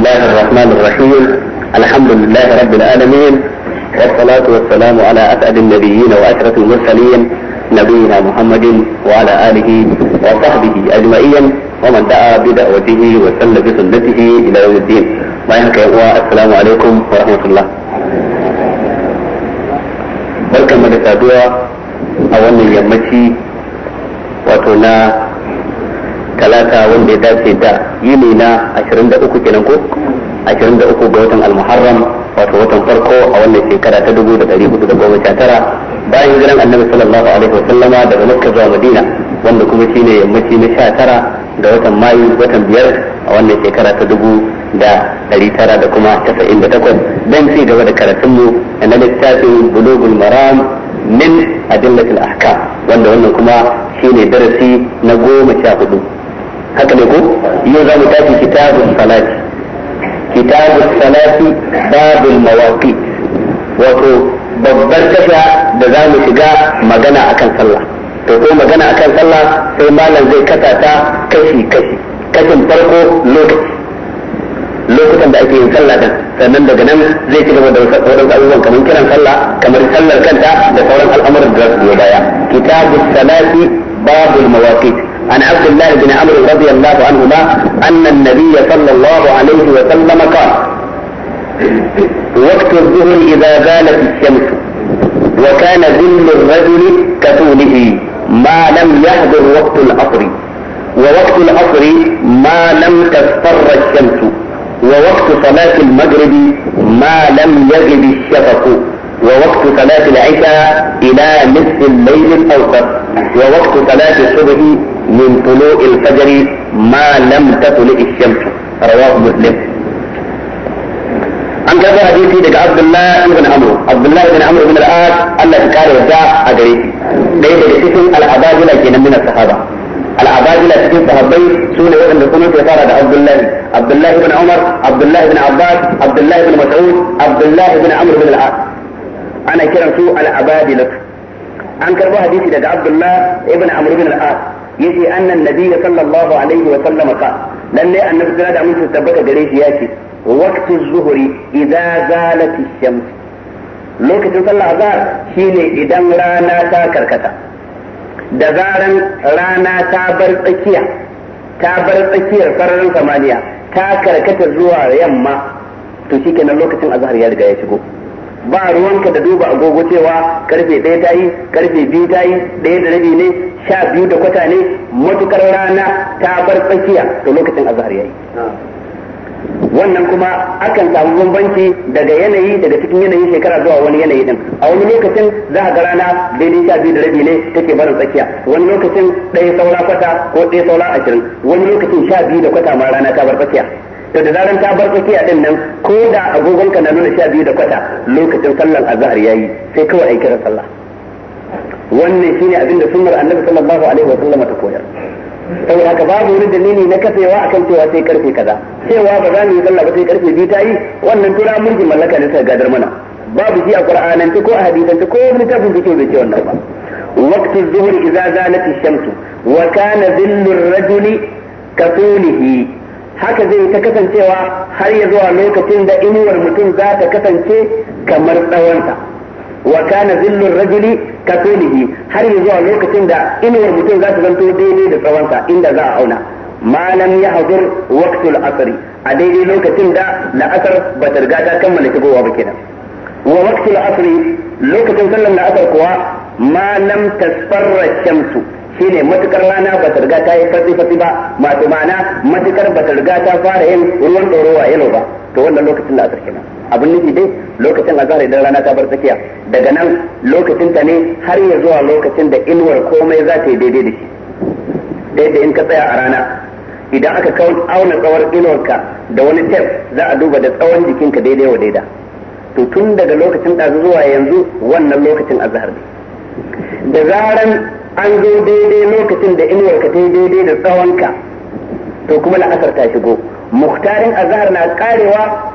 الله الرحمن الرحيم الحمد لله رب العالمين والصلاة والسلام على أسعد النبيين وأشرف المرسلين نبينا محمد وعلى آله وصحبه أجمعين ومن دعا بدعوته وسل بسنته إلى يوم الدين السلام عليكم ورحمة الله بركة من السادوة أولا يمتي وتنا talata wanda ya dace da yini na 23 kenan ko 23 ga watan al-muharram wato watan farko a wannan shekara ta 1419 bayan hijiran annabi sallallahu alaihi wa sallama daga makka zuwa madina wanda kuma shine yammaci na 19 ga watan mayu watan biyar a wannan shekara ta dubu da ɗari tara da kuma casa'in da takwas don ci gaba da karatunmu na littafin bulugul maram min adillatil ahkam wanda wannan kuma shine darasi na goma sha hudu haka ne ko yau za mu tafi kitabun salati kitabun salati babul mawaqit wato babbar tasha da za mu shiga magana akan sallah to ko magana akan sallah sai malam zai kasa ta kashi kashi kashin farko lokaci lokutan da ake yin sallah din sannan daga nan zai ci gaba da sauran abubuwan kamar kiran sallah kamar sallar kanta da sauran al'amuran da za su biyo baya kitabus salati babul mawaqit عن عبد الله بن عمرو رضي الله عنهما أن النبي صلى الله عليه وسلم قال وقت الظهر إذا زالت الشمس وكان ذل الرجل كطوله ما لم يحضر وقت العصر ووقت العصر ما لم تصفر الشمس ووقت صلاة المغرب ما لم يغب الشفق ووقت صلاة العشاء إلى نصف الليل الأوسط ووقت صلاة الصبح من طلوع الفجر ما لم تطلع الشمس رواه مسلم عن كذا حديثي دك عبد الله بن عمرو عبد الله بن عمرو بن العاص الذي كان رجاء أدري قيد لسفن العباد لا من الصحابة العباد لا تكون صحابي سولة وإن لكم في صارة عبد الله عبد الله بن عمر عبد الله بن عباس عبد الله بن مسعود عبد الله بن عمرو بن العاص أنا كرم سوء العباد لك عن كربو حديثي دك عبد الله بن عمرو بن العاص yace annan nabiyyi sallallahu alaihi wa sallama ka lalle annabi sallallahu alaihi wa sallam tabbata gare shi yace waqtu zuhri idza zalat ash-shams lokacin sallah azhar shine idan rana ta karkata da zaran rana ta bar tsakiya ta bar tsakiyar sararin samaniya ta karkata zuwa yamma to shikenan lokacin azhar ya riga ya shigo ba ruwanka da duba agogo cewa karfe ɗaya ta yi karfe biyu ta yi ɗaya da rabi ne sha biyu da kwata ne matukar rana ta bar tsakiya da lokacin azhar yayi wannan kuma akan samu bambanci daga yanayi daga cikin yanayi shekara zuwa wani yanayi din a wani lokacin za ga rana daidai sha biyu da rabi ne take barin tsakiya wani lokacin ɗaya saura kwata ko ɗaya saura ashirin wani lokacin sha biyu da kwata ma rana ta bar tsakiya to da zaran ta bar tsakiya din nan ko da agogon ka na nuna sha biyu da kwata lokacin sallar azhar yayi sai kawai ai kira sallah wannan shine abin da sunnar annabi sallallahu alaihi wa sallam ta koyar saboda haka babu wani dalili na kasewa akan cewa sai karfe kaza cewa ba za mu yi sallah ba sai karfe biyu ta yi wannan tura mulkin mallaka ne suka gadar mana babu shi a qur'anance ko a hadisance ko wani tafin fito bai ce wannan ba وقت الظهر إذا زالت الشمس وكان ذل الرجل كطوله haka zai ta kasancewa har ya zuwa lokacin da inuwar mutum za ta kasance kamar tsawonsa wa kana zillur rajuli ka har ya zuwa lokacin da inuwar mutum za ta zanto daidai da tsawonsa inda za a auna malam ya hadur waqtul asri a daidai lokacin da la'asar ba ta riga ta kammala shigowa ba kenan wa waqtul asri lokacin sallar la'asar kuwa malam tasfarra shamsu shine matukar rana ba ta riga ta yi fasi fatsi ba masu ma'ana matukar ba ta riga ta fara yin ruwan dorowa yalo ba to wannan lokacin da asar kenan abin nufi dai lokacin azhar idan rana ta bar tsakiya daga nan lokacin ta ne har ya zuwa lokacin da inuwar komai za ta yi daidai da shi daidai in ka tsaya a rana idan aka kawo auna inuwar ka da wani tef za a duba da tsawon jikinka daidai wa daida to tun daga lokacin ɗazu zuwa yanzu wannan lokacin azhar ne da zaran an zo daidai lokacin da inuwarka ta yi daidai da tsawonka to kuma la'asar ta shigo muhtarin azhar na karewa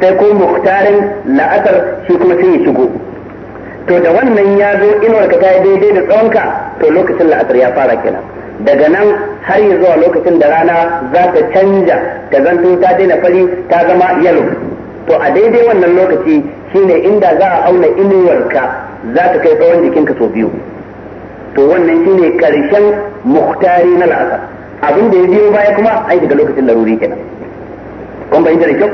sai ko muhtarin la'asar shi kuma sai ya shigo to da wannan ya zo inuwarka ta yi daidai da tsawonka to lokacin la'asar ya fara kenan daga nan har ya zuwa lokacin da rana za ta canja ta zanto ta daina fari ta zama yalo to a daidai wannan lokaci shine inda za a auna inuwarka za ta kai tsawon jikinka sau biyu to wannan shi ne karshen muhtari na la'asar abin da ya biyo baya kuma ai daga lokacin laruri kenan kun bayyana da kyau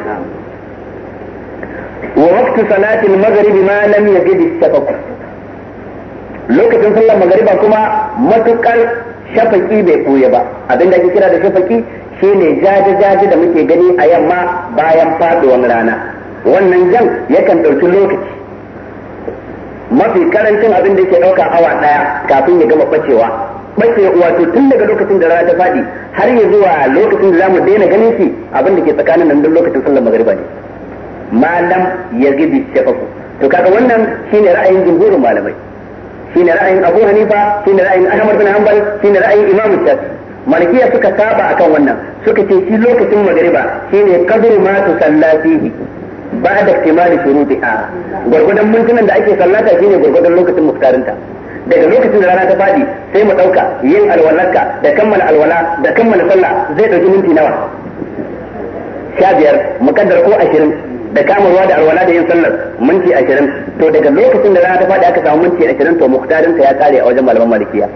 wa waqtu salati al-maghrib ma lam yajid shafaq lokacin sallar magariba kuma matukar shafaki bai koya ba Abinda da ake kira da shafaki shine jaje jaje da muke gani a yamma bayan faduwar rana wannan jan yakan ɗauki lokaci mafi karancin abin da yake ɗauka awa ɗaya kafin ya gama bacewa bace wato tun daga lokacin da rana ta faɗi har ya zuwa lokacin da zamu daina ganin shi abin da ke tsakanin nan don lokacin sallar magriba ne malam ya gibi shafaku to kaga wannan shine ra'ayin jumhurin malamai shine ra'ayin Abu Hanifa shine ra'ayin Ahmad bin Hanbal shine ra'ayin Imam Shafi malikiya suka saba akan wannan suka ce shi lokacin magariba shine qadru ma tusalla fihi ba da kimani shurutiha gwargwadon mintunan da ake sallata shine gwargwadon lokacin muftarinta daga lokacin da rana ta fadi sai mu ɗauka yin alwalarka da kammala alwala da kammala sallah zai ɗauki minti nawa sha biyar mukaddar ko ashirin da kamarwa da alwala da yin sallar minti ashirin to daga lokacin da rana ta fadi aka samu minti ashirin to muftarinta ya kare a wajen malaman malikiya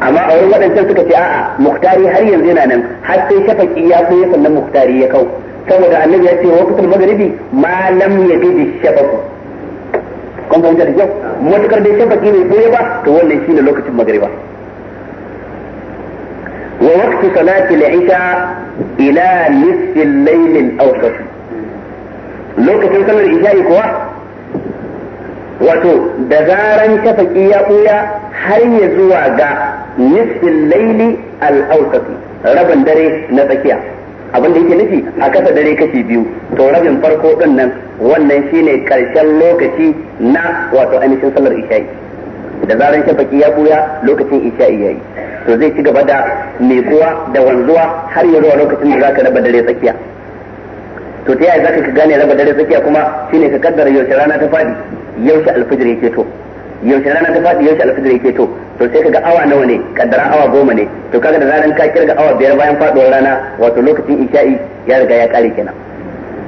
amma a wurin waɗancan suka ce a'a muktari har yanzu yana nan har sai shafaki ya so sannan muktari ya kau saboda annabi ya ce waqtul maghribi ma lam yabidi shabaku kun fahimta da kyau matukar dai shabaki bai boye ba to wannan shine lokacin maghriba wa waqtu salati al-isha ila nisfi al-layl al-awsat lokacin sallar isha kuwa wato da zaran shafaki ya ɓuya har ya zuwa ga nisfin laili al-awsat rabin dare na tsakiya abin da yake nufi a kasa dare kashi biyu to rabin farko din nan wannan shine karshen lokaci na wato ainihin sallar isha'i da zaran shafaki ya buya lokacin isha'i yayi to zai ci gaba da mekuwa da wanzuwa har ya zuwa lokacin da zaka raba dare tsakiya to ta yaya zaka ka gane raba dare tsakiya kuma shine ka kaddara yaushe rana ta fadi yaushe alfijir yake to yaushe rana ta faɗi yaushe alfajir yake to to sai kaga awa nawa ne kaddara awa goma ne to kaga da zaran ka kirga awa biyar bayan faɗuwar rana wato lokacin isha'i ya riga ya kare kenan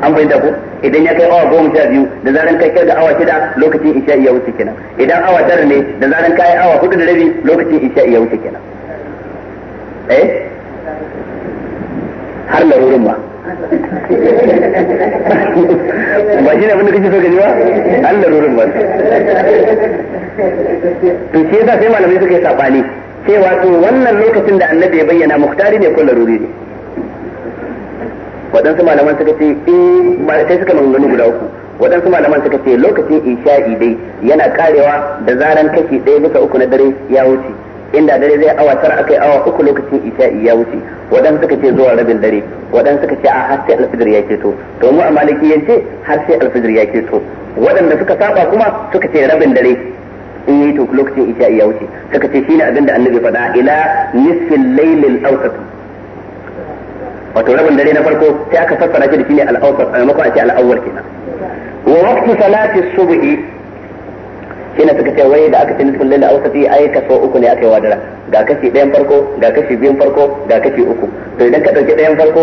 an da ku idan ya kai awa goma sha biyu da zaran ka kirga awa shida lokacin isha'i ya wuce kenan idan awa tara ne da zaran ka yi awa hudu da rabi lokacin isha'i ya wuce kenan eh har larurin ba ba shi ne abin da kake so gani ba an larurin ba to shi yasa sai malamai suka yi sabani sai wato wannan lokacin da annabi ya bayyana muktari ne ko laruri ne wadansu malaman suka ce eh sai suka mangani guda uku wadansu malaman suka ce lokacin isha'i dai yana karewa da zaran kashi ɗaya bisa uku na dare ya wuce inda dare zai awa tara akai awa uku lokacin isha'i ya wuce wadansu suka ce zuwa rabin dare wadansu suka ce a har sai alfijir ya keto to mu a maliki yace har sai alfijir ya keto wadanda suka saba kuma suka ce rabin dare in yi to lokacin isha ya wuce suka ce shine abinda annabi faɗa ila nisfil laylil awsat wato rabin dare na farko sai aka fassara shi da shine al-awsat a maimakon a ce al-awwal kenan wa waqtu salati subhi shine suka ce wai da aka ce nisfil laylil awsati ai kaso uku ne aka yi wadara ga kashi ɗayan farko ga kashi biyun farko ga kashi uku to idan ka ɗauki ɗayan farko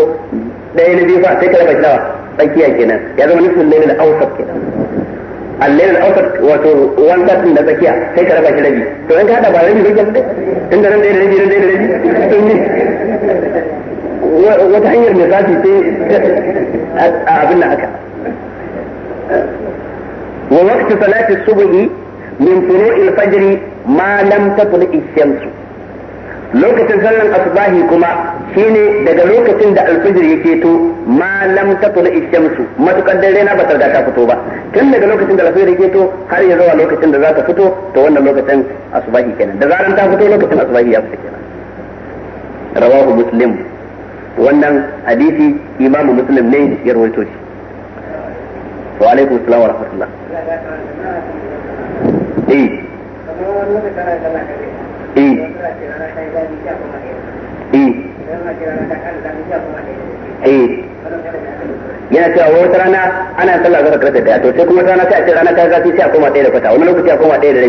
ɗaya na biyu fa sai ka raba shi nawa tsakiya kenan ya zama nisfil laylil awsat kenan al-layl al-awsat wato wanda din da tsakiya sai ka raba shi rabi to in ka hada ba rabi kake fita inda nan da rabi nan da rabi to ni wata hanyar mai zafi sai a abin nan haka wa waqti salati subhi min furu'il fajr ma lam tatlu'i shamsu lokacin sallan asubahi kuma shine daga lokacin da alfajir ya keto ma lam tatul ishamsu matukan dare na batar da ta fito ba tun daga lokacin da alfajir ya keto har ya zuwa lokacin da za ta fito to wannan lokacin asubahi kenan da zaran ta fito lokacin asubahi ya fita kenan rawahu muslim wannan hadisi imamu muslim ne ya rawaito shi wa alaikum assalam wa rahmatullah eh E. E. E. yana cewa wata rana ana sallah zuwa karfe daya to sai kuma rana sai a ce rana ta zafi sai a koma ɗaya da kwata wani lokaci a koma ɗaya da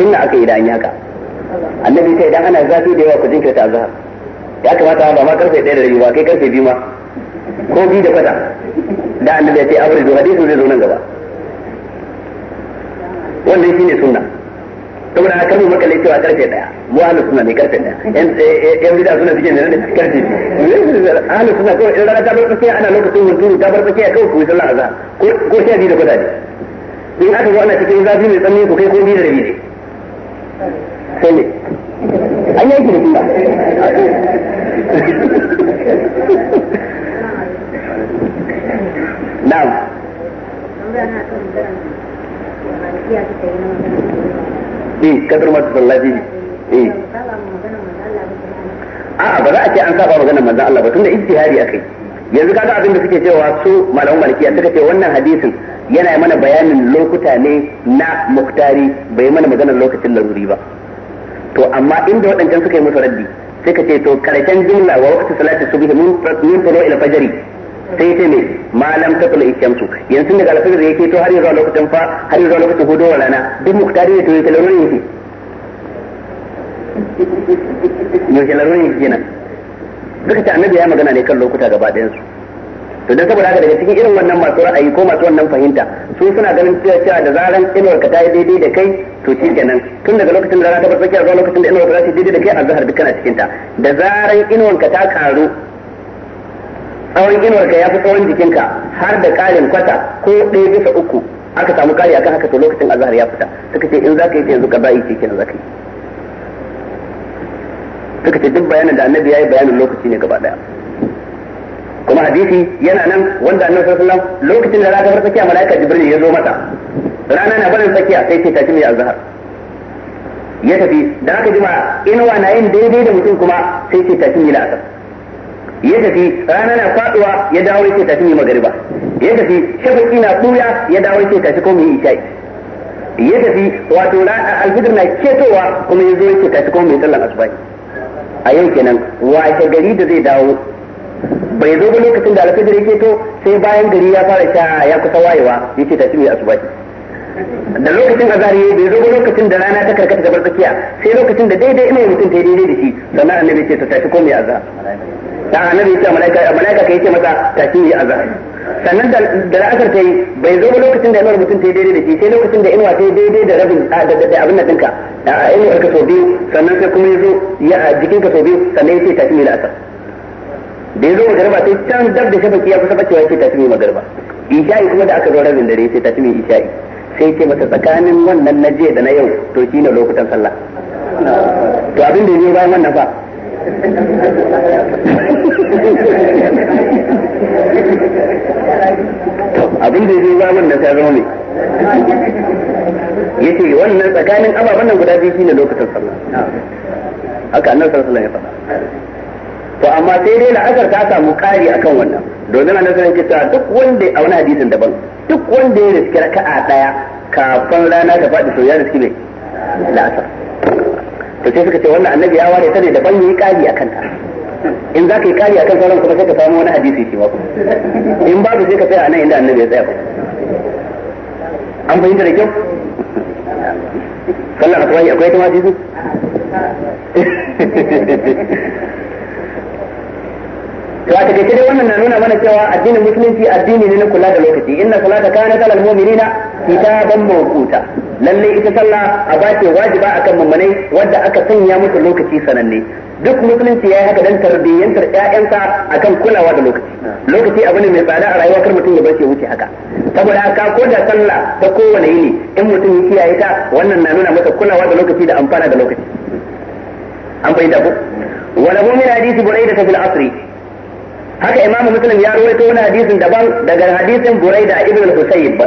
rabi na aka yi da an yaka haka annabi sai idan ana zafi da yawa ku ta azhar ya kamata ba ma karfe ɗaya da rabi ba kai karfe biyu ma ko biyu da kwata da annabi ya ce abridu hadisin zai zo nan gaba wannan shine sunna saboda na mu maka lai cewa karfe daya mu ahlu suna ne karfe daya yan eh, eh, yan bida suna cikin ne da karfe ahlu suna ko idan rana ta bar tsakiya ana lokacin hunturu ta bar tsakiya kawai ku sallah azan ko ko sha da kwata in aka zo ana cikin zafi mai tsanani ku kai ko bi da rabi ne sai ne an yanki da kuma na'am eh kadar ma eh. ba za a ce an saba maganar manzon Allah ba tunda ijtihadi akai yanzu kaga abin da suke cewa su malaman malikiya suka ce wannan hadisin yana mana bayanin lokuta ne na muktari bai mana magana lokacin laruri ba to amma inda waɗancan suka yi musu raddi sai ka ce to karshen jimla wa waqti salati subhi min min tulu ila fajari. sai ce ne malam ta tula ishamsu yanzu daga alfajir yake to har zuwa lokacin fa har zuwa lokacin hudu wa rana duk muktari ne to yake larurin yake yake larurin yake kenan duka ta annabi ya magana ne kan lokuta gaba ɗayan su to dan saboda haka daga cikin irin wannan masu ra'ayi ko masu wannan fahimta su suna ganin cewa cewa da zaran inuwar ka ta yi daidai da kai to shi kenan tun daga lokacin da rana ta bar tsakiya zuwa lokacin da inuwar ka ta yi daidai da kai a zahar kana a cikinta da zaran inuwar ka ta karu tsawon inuwarka ya fi tsawon jikinka har da ƙarin kwata ko ɗaya bisa uku aka samu kari akan haka to lokacin azhar ya fita suka ce in za ka yi yanzu ka bayi cikin za ka yi suka ce duk bayanin da annabi ya yi bayanin lokaci ne gaba daya kuma hadisi yana nan wanda annabi sallallahu alaihi wasallam lokacin da rana farka kiya malaika jibril ya zo mata rana na barin tsakiya sai ce tashi mai azhar ya tafi da haka jima inuwa na yin daidai da mutum kuma sai ce tashi mai la'asar ya tafi rana na faduwa ya dawo yake tafi mai magariba ya tafi shafaki na tsuya ya dawo yake tafi ko mai isha'i ya tafi wato alfidar na ketowa kuma ya zo yake tafi ko mai sallan asubahi a yau kenan washe gari da zai dawo bai zo ba lokacin da alfidar ya keto sai bayan gari ya fara sha ya kusa wayewa yake tafi mai asubahi da lokacin azari bai zo ba lokacin da rana ta karkata gabar tsakiya sai lokacin da daidai ina mutum ta yi daidai da shi sannan annabi ce ta tafi ko mai azhar da annabi ya ce malaika malaika kai ce mata tashi ya azan sannan da la'asar ta yi bai zo ba lokacin da inuwar mutum ta yi daidai da shi sai lokacin da inuwa ta yi daidai da rabin da abin nan ɗinka a inuwar ka so biyu sannan sai kuma ya ya jikin ka so biyu sannan ya ce tashi ya la'asar da ya zo magarba sai can dab da shafaki ya kusa bacewa ya ce tashi ya magarba isha'i kuma da aka zo rabin dare ya ce tashi ya isha'i sai ce masa tsakanin wannan na jiya da na yau to shine lokutan sallah to abin da ya bayan wannan fa abin da zai zamun da ta zama ne Ya ce wannan tsakanin ababen nan guda biyu shine lokacin sallah haka annabi sallallahu alaihi ya faɗa to amma sai dai la'akar ta samu ƙari akan wannan domin annabi nasarar alaihi duk wanda a wani hadisin daban duk wanda ya riski raka'a daya kafin rana ta faɗi to ya riski ne la'asar to sai suka ce wannan annabi ya ware ta ne da ban yi kari a kanta in za ka yi kari a kan sauran kuma sai ka samu wani hadisi shi ba in babu sai ka tsaya a nan inda annabi ya tsaya ba an fahimta da kyau a asuwahi akwai ta jizu to a take dai wannan na nuna mana cewa addinin musulunci addini ne na kula da lokaci inna salata kana alal mu'minina kitaban mawquta lalle ita sallah a bace wajiba akan mummunai wadda aka sanya musu lokaci sananne duk musulunci yayi haka dan tarbiyyantar ƴaƴansa akan kulawa da lokaci lokaci abu ne mai tsada a rayuwa kar mutum ya bar shi wuce haka saboda haka ko da sallah ta kowane yini in mutum ya kiyaye ta wannan na nuna masa kulawa da lokaci da amfana da lokaci an da ku wala mu min hadisi buraida fil asri haka imamu muslim ya rawaito wani hadisin daban daga hadisin buraida ibn al-husayb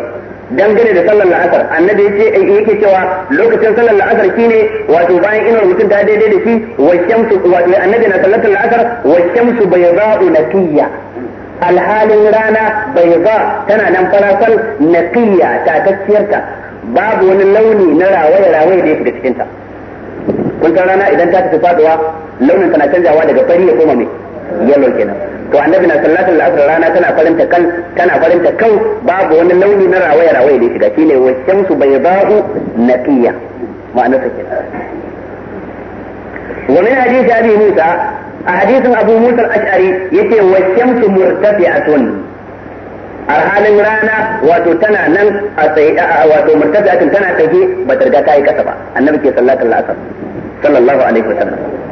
dangane da sallar la'asar annabi yace yake cewa lokacin sallar la'asar shine wato bayan inuwar mutum ta daidai da shi wa shamsu wato annabi na sallatar la'asar wa shamsu bayda'u naqiyya alhalin rana bayda tana nan farasal naqiyya ta tafiyarta babu wani launi na rawaye rawaye da yake da cikinta. Kun san rana idan ta tafi faduwa launin tana canjawa daga fari ya koma mai yellow kenan to annabi na sallatul asr rana tana farinta kan tana farinta kan babu wani launi na rawaya rawaya da shiga shine wa shamsu bayda'u naqiya ma'ana take wa min hadisi abi musa a hadisin abu musa al-ash'ari yace wa shamsu murtafi'atun a halin rana wato tana nan a tsaye wato murtafi'atun tana tafi ba ta riga ta yi kasa ba annabi ke sallatul asr sallallahu alaihi wa wasallam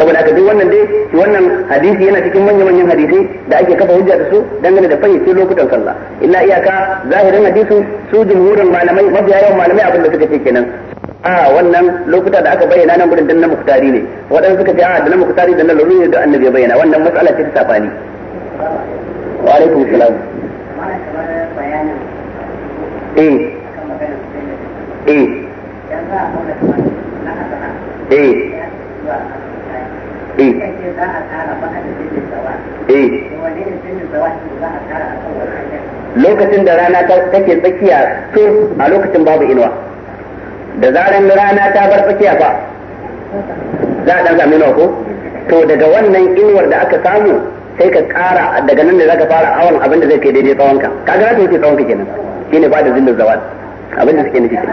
saboda haka duk wannan dai wannan hadisi yana cikin manyan manyan hadisai da ake kafa hujja da su dangane da fayyace lokutan sallah illa iyaka zahirin hadisi su jumhurin malamai mafiya yawan malamai abinda suka ce kenan a wannan lokuta da aka bayyana nan gurin danna na muktari ne wadanda suka ce a da na muktari da na ne da annabi ya bayyana wannan matsala ce ta safani wa alaikum salam eh eh eh Eh. Eh. lokacin da rana ta take tsakiya to a lokacin babu inuwa da zarin rana ta bar tsakiya ba za a dan sami inuwa ko to daga wannan inuwar da aka samu sai ka kara daga nan da za ka fara awon abin da zai kai daidai tsawon ka kaga za ta wuce tsawon ka kenan ne ba da zillin zawal abin da suke nufi kenan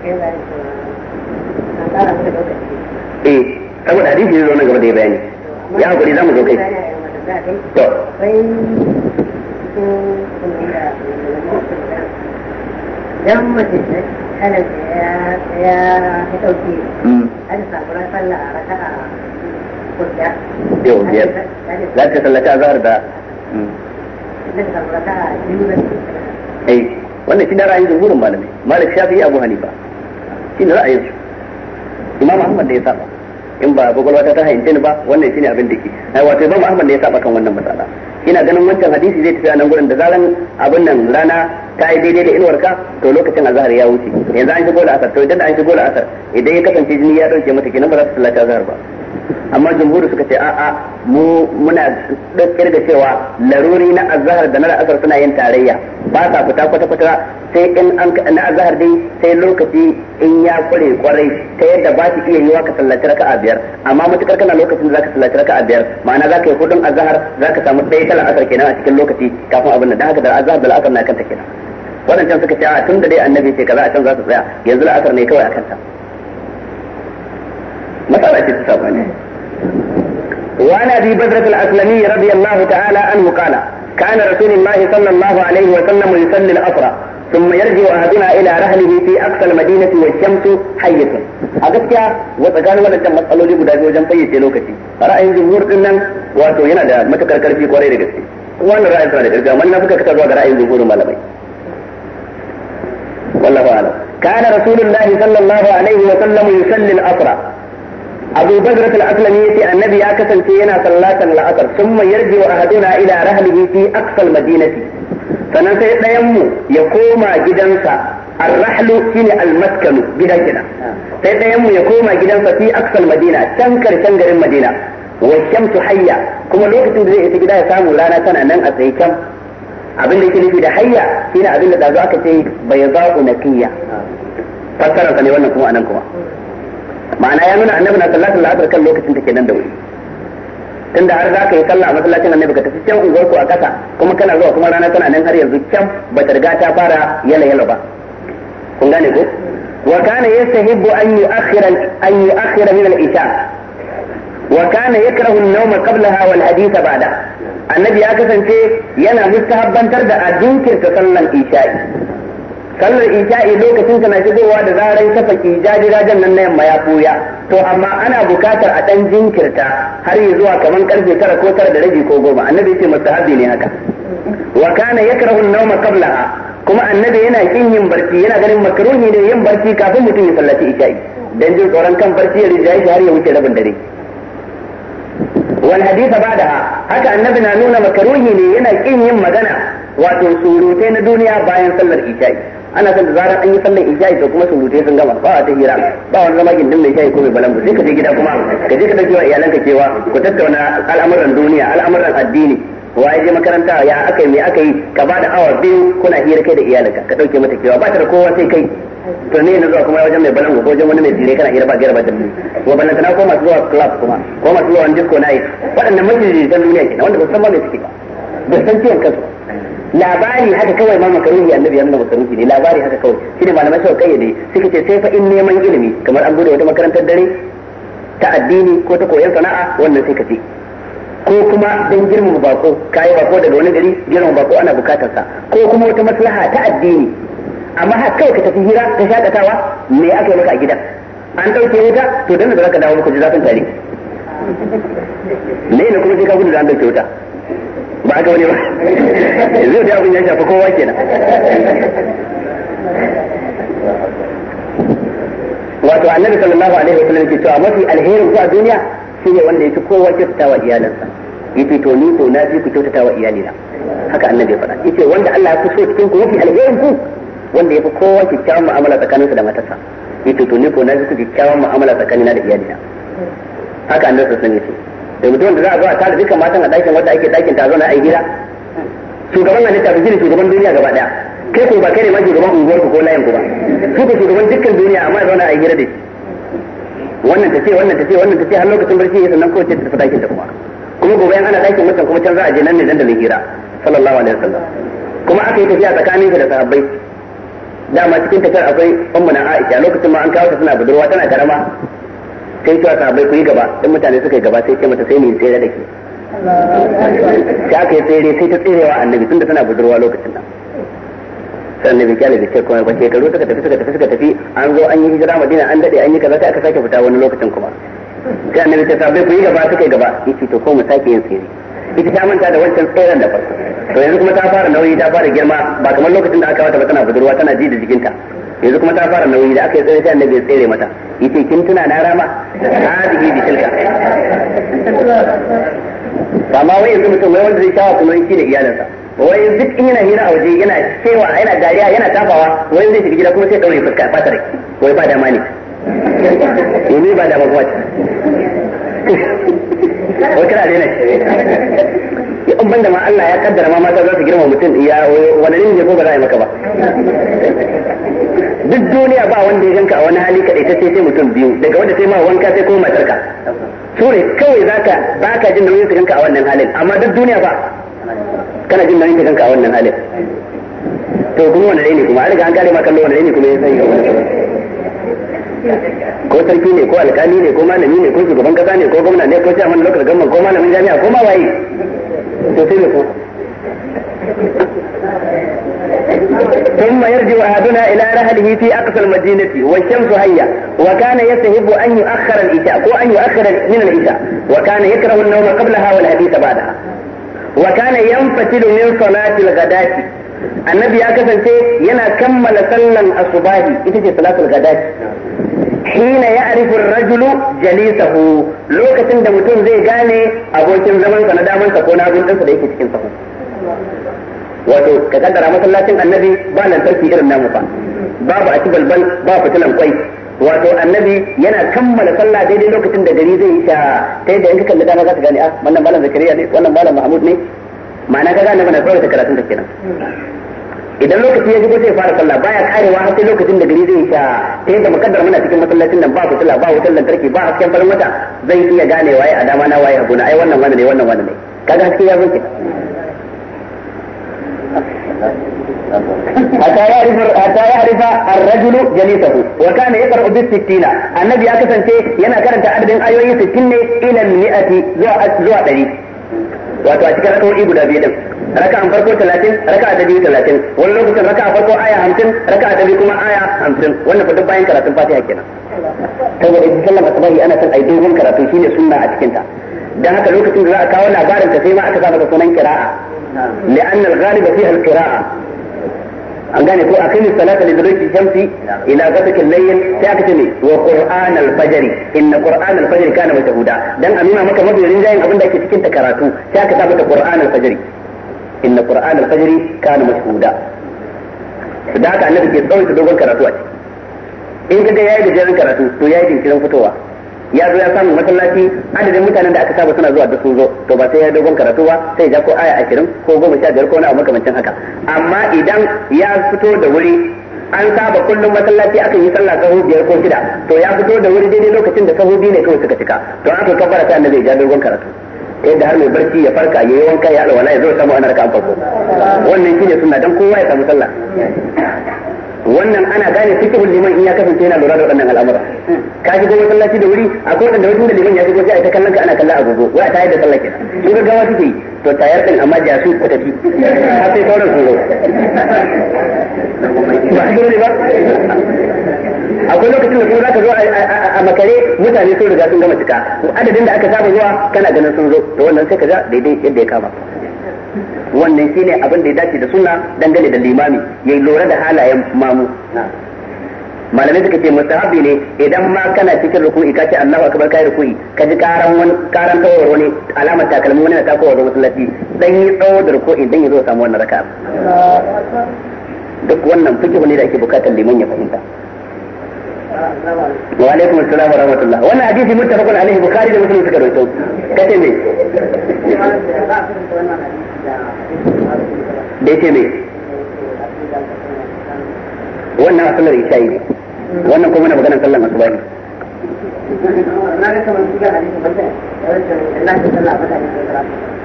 eh saboda hadisi ne zo na gaba da ya bayani ya hakuri za mu zo kai to dan mace kalan ya ya ya dauke an samu ran sallah a raka'a kuda yau biyar za ta sallata azhar da wannan shi na ra'ayin jumhurin malami malik shafi abu hanifa shine ra'ayin su imam ahmad da ya saba in ba gogolwa ta hayince ni ba wannan shine abin da yake ai wato imam ahmad ne ya saba kan wannan matsala ina ganin wancan hadisi zai tafi a nan gurin da zaran abin nan rana ta yi daidai da inuwarka to lokacin azhar ya wuce yanzu an shigo da asar to idan an shigo da asar idan ya kasance jini ya dauke mata kenan ba za ta ta azhar ba amma jumhuri suka ce a'a mu muna da cewa laruri na azhar da na asar suna yin tarayya ba sa fita kwata kwata sai in an na azhar dai sai lokaci in ya kure kwarai ta yadda ba ki iya yiwa ka sallaci raka'a biyar amma matukar kana lokacin da zaka sallaci raka'a biyar ma'ana zaka yi hudun azhar zaka samu dai talan asar kenan a cikin lokaci kafin abin nan dan haka da azhar da al'asar na kanta kenan can suka ce a tun da dai annabi ce kaza a can za su tsaya yanzu la'asar ne kawai a kanta matsala ce ta sabani وعن ابي بدر الاسلمي رضي الله تعالى عنه قال كان رسول الله صلى الله عليه وسلم يصلي الاسرى ثم يرجع أهدنا إلى رحله في أقصى المدينة والشمس حية أغسيا وتقال ولا جمع الله لي بداية وجمع طيب في يتلوك رأي الجمهور إنن واتو هنا دا ما تكركر في قرير قسي وانا رأي سنة إرجاء من نفك كتاب وقر رأي الجمهور ما لبي والله أعلم كان رسول الله صلى الله عليه وسلم يصلي الاسرى abu badrat al-aslami yace annabi ya kasance yana sallatan la'asar thumma yarji'u ahaduna ila rahlihi fi aqsal madinati sannan sai ɗayan mu ya koma gidansa الرحل شيني المسكن جدا كده sai ɗayan mu ya koma gidansa fi aksal madina can karshen garin madina wa shamsu hayya kuma lokacin da zai isa gida ya samu rana tana nan a tsaye can abin da yake nufi da hayya shine abin da dazu aka ce bai za'u nakiya fassara ne wannan kuma anan kuma ma'ana ya nuna annabi na sallatin la'asar kan lokacin da nan da wuri tunda har za ka yi sallah a masallacin annabi ka tafi can unguwar ku a kasa kuma kana zuwa kuma rana tana nan har yanzu can ba ta riga ta fara yala yala ba kun gane ko wa kana yastahibbu an yu'akhira an yu'akhira min al-isha wa kana yakrahu an-nawma qablaha wal haditha ba'da annabi ya kasance yana mustahabbantar da a jinkirta sallan isha'i Sallar isha'i lokacin na shigowa da zaran shafaki jajirajen nan na yamma ya koya to amma ana bukatar a dan jinkirta har yi zuwa kaman karfe tara ko tara da rabi ko goma annabi ce mustahabi ne haka wa kana yakrahu an-nawma qablaha kuma annabi yana kin yin barci yana ganin makruhi ne yin barci kafin mutum ya sallaci isha'i dan jin tsoron kan barci ya rijayi har ya wuce rabin dare wal bada ba'daha haka annabi na nuna makruhi ne yana kin yin magana wato surutai na duniya bayan sallar isha'i ana son da zarar an yi sallan isha'i to kuma rute sun gama ba ta hira ba wani zama gindin mai shayi ko mai balambu sai ka je gida kuma ka je ka dauke wa iyalanka cewa ku tattauna al'amuran duniya al'amuran addini wa ya je makaranta ya aka yi me aka yi ka da awa biyu kuna hira kai da iyalanka ka dauke mata cewa ba ta da kowa sai kai to ne na zuwa kuma wajen mai balangu ko wajen wani mai tsire kana hira ba gaira ba da wa balantana ko masu zuwa club kuma ko masu zuwa wani disco night waɗannan majalisan duniya na wanda ba san ba mai suke ba da san ciyan kansu labari haka kawai ma makaruhi annabi ya nuna makaruhi ne labari haka kawai ne malamai suka kayyade suka ce sai fa in neman ilimi kamar an bude wata makarantar dare ta addini ko ta koyon sana'a wannan sai ka ce ko kuma don girmama bako kayi bako daga wani gari girmama bako ana bukatar sa ko kuma wata maslaha ta addini amma haka kai ka tafi hira ta shakatawa me aka yi maka a gida. an dauke wuta to dan da ka dawo muku ji zafin tare ne ne kuma sai ka gudu da an dauke wuta ba a ga wani ba zai da abin ya shafa kowa kenan wato annabi sallallahu alaihi wa sallam ke cewa mafi alherin ku a duniya shine wanda yake kowa ke wa iyalansa yake to ni ko na ji ku kyautata wa na haka annabi ya faɗa yake wanda Allah ya fi so cikin ku mafi alherin ku wanda yafi kowa ke kyakkyawan mu'amala tsakanin tsakaninsa da matarsa yake to ni ko na ji ku kyakkyawan mu'amala tsakanin na da iyali na haka annabi sallallahu alaihi wa sallam ya ce da eh, mutumin da za a zo a tara dukkan matan a ɗakin wanda ake ɗakin ta zauna a yi gida shugaban halitta ba shi ne shugaban duniya gaba ɗaya kai ko ba kai ne ma shugaban unguwarku ko layin ba su ku shugaban dukkan duniya amma zauna a yi gida da shi wannan tace wannan tace wannan tace har lokacin barci ya sannan kowace ta tafi ɗakin ta kuma kuma gobe ana ɗakin mutan kuma can za a je nan ne dandalin hira sallallahu alaihi wasallam kuma aka yi tafiya tsakanin shi da sahabbai dama cikin tafiyar akwai ummu na Aisha lokacin ma an kawo ta suna budurwa tana karama sai cewa sahabbai ku yi gaba in mutane suka yi gaba sai ce mata sai mu tsere da ke sai aka yi tsere sai ta tserewa annabi tunda tana budurwa lokacin nan sai annabi kyale da ce kuma ba shekaru suka tafi suka tafi suka tafi an zo an yi hijira madina an dade an yi kaza sai aka sake fita wani lokacin kuma sai annabi ta sahabbai ku yi gaba suka yi gaba yace to ko mu sake yin tsere ita ta manta da wancan tseren da farko to yanzu kuma ta fara nauyi ta fara girma ba kamar lokacin da aka wata ba tana budurwa tana ji da jikinta yanzu kuma ta fara nauyi da aka yi tsere sai annabi ya tsere mata yace kin tuna na rama hadihi bi tilka amma wai yanzu mutum wai wanda zai shawa kuma shi da iyalinsa wai duk in yana hira a waje yana cewa yana dariya yana tafawa wai zai shiga gida kuma sai daure fuska tare wai ba dama ne yanzu eh, ba dama kuma wai kira daina ne in banda ma Allah ya kaddara ma mata za su girma mutum ya wani ne ko ba za a yi maka ba duk duniya ba wanda ya ganka a wani hali kaɗai ta sai mutum biyu daga wanda sai ma wanka sai kuma matarka su ne kawai zaka baka jin nauyin su ganka a wannan halin amma duk duniya ba kana jin nauyin su ganka a wannan halin to kuma wanda ne kuma an riga an kare ma kallo wanda ne kuma ya sanya wani ko sarki ne ko alkali ne ko malami ne ko shugaban kasa ne ko gwamna ne ko chairman local government ko malamin jami'a ko ma waye to sai ne ko ثم يرجع أحدنا إلى رهله في أقصى المدينة والشمس هيا وكان يستحب أن يؤخر العشاء هو أن يؤخر من العشاء وكان يكره النوم قبلها والحديث بعدها وكان ينفتل من صلاة الغداة النبي يا كفن ينا كمل صلى الصباح إذا صلاة الغداة حين يعرف الرجل جليسه لو كتن دمتون زي قاني أبو كم زمن كنا دامن سكون أبو كم wato ka kaddara masallacin annabi ba lantarki irin namu ba babu a ci balbal ba fitilan kwai wato annabi yana kammala sallah daidai lokacin da gari zai sha ta yadda yanka kalli dana za ka gane a ah, wannan malam zakariya ne wannan malam mahmud ne ma'ana ka gane mana tsawaita karatun da kenan idan lokaci ya shigo zai fara sallah baya karewa har sai lokacin da gari zai sha ta yadda mukaddar muna cikin masallacin nan ba fitila ba wutar lantarki ba hasken farin wata zai iya gane waye a dama na waye a gona ai wannan wani ne wannan wani ne kaga hasken ya zo kenan حتى يعرف الرجل جليسه وكان يقرأ بالستين النبي أكثر شيء ينكر أنت عبد أيوه ستين إلى المئة زوا زوا دليل wato a cikin raka'o'i guda biyu din an farko talatin, raka ta biyu talatin. wani lokacin a farko aya 50 raka ta biyu kuma aya 50 wannan fa duk bayan karatun Fatiha kenan saboda ita sallar asbahi ana son ai dogon karatu shine sunna a cikin ta dan haka lokacin da za a kawo labarin ta sai ma aka sa maka sunan kira'a لأن الغالب فيها القراءة an gane ko aqimis salata li duruki shamsi ila ghasaq al-layl sai aka ce ne wa qur'an al-fajr inna qur'an al-fajr kana mashhuda dan amina maka mabiyin jayin abin da ake cikin ta karatu sai aka tabbata qur'an al-fajr inna qur'an al-fajr kana mashhuda da haka annabi ke tsawon dogon karatu da karatu to yayi jinkirin fitowa ya zo ya samu masallaci adadin mutanen da aka saba suna zuwa da sun zo to ba sai ya dogon karatu ba sai ya ko aya 20 ko 15 ko wani abu makamancin haka amma idan ya fito da wuri an saba kullum masallaci aka yi sallah sahu biyar ko shida to ya fito da wuri daidai lokacin da sahu biyu ne kawai suka cika to aka kabbara sai annabi ya dogon karatu yadda har mai barci ya farka ya yayi wanka ya alwala ya zo samu anar ka farko wannan shine sunna dan kowa ya samu sallah wannan ana gane fikihun liman in ya kasance yana lura da waɗannan al'amura ka shigo masallaci da wuri akwai wanda wajen da liman ya shigo sai a ta kallon ka ana kalla agogo wai a tayar da sallah kenan in ga gawa kike to tayar din amma jasu ko tafi a sai sauran sun zo ba su ne ba akwai lokacin da kuma zaka zo a makare mutane sun riga sun gama cika adadin da aka saba zuwa kana ganin sun zo to wannan sai ka ja daidai yadda ya kama wannan shi ne abin da ya dace da suna dangane da limami ya lura da halayen mamu malamai suka ce mustahabi ne idan ma kana cikin ruku'i kace Allahu akbar kai ruku'i ka ji karan wani karan tawar wani alamar takalmi wani na takowa da masallaci dan yi tsawo da ruku'i dan yazo samu wannan raka'a duk wannan fikihu ne da ake bukatar liman ya fahimta wa alaikum assalam wa rahmatullah wannan hadisi muttafaqun alaihi bukhari da muslim suka rawaito kace me da yake mai wannan a sallar ita yi wannan kuma na maganar sallar masu bayan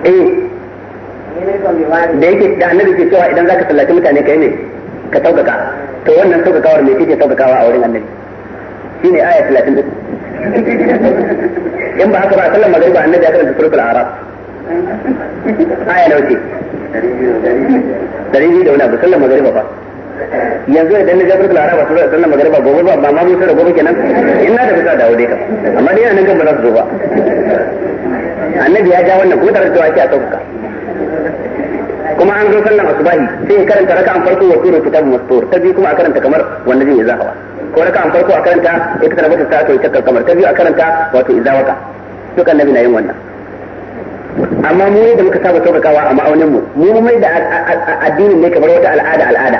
eh da yake da annabi ke cewa idan zaka sallaci mutane kai ne ka sauƙaƙa to wannan sauƙaƙawar me kike sauƙaƙawa a wurin annabi shine aya 33 in ba haka ba sallar magariba annabi ya karanta suratul a'raf aya nawa ce dari biyu da wani abu sallan magariba ba yanzu da na jabar da araba sura sallan magariba gobe ba ba ma mun sura gobe kenan in na tafi sa dawo dai ka amma dai nan kan ba za su zo ba annabi ya ja wannan kuma tare da ake a sauka kuma an zo sallan asubahi sai in karanta an farko wa sura kitabun mastur ta biyu kuma a karanta kamar wanda zai zahawa ko an farko a karanta ita tarabata ta ta kamar ta biyu a karanta wato izawaka dukkan nabi na yin wannan amma mu da muka saba sauƙaƙawa a ma'aunin mu mu mai da addinin ne kamar wata al'ada al'ada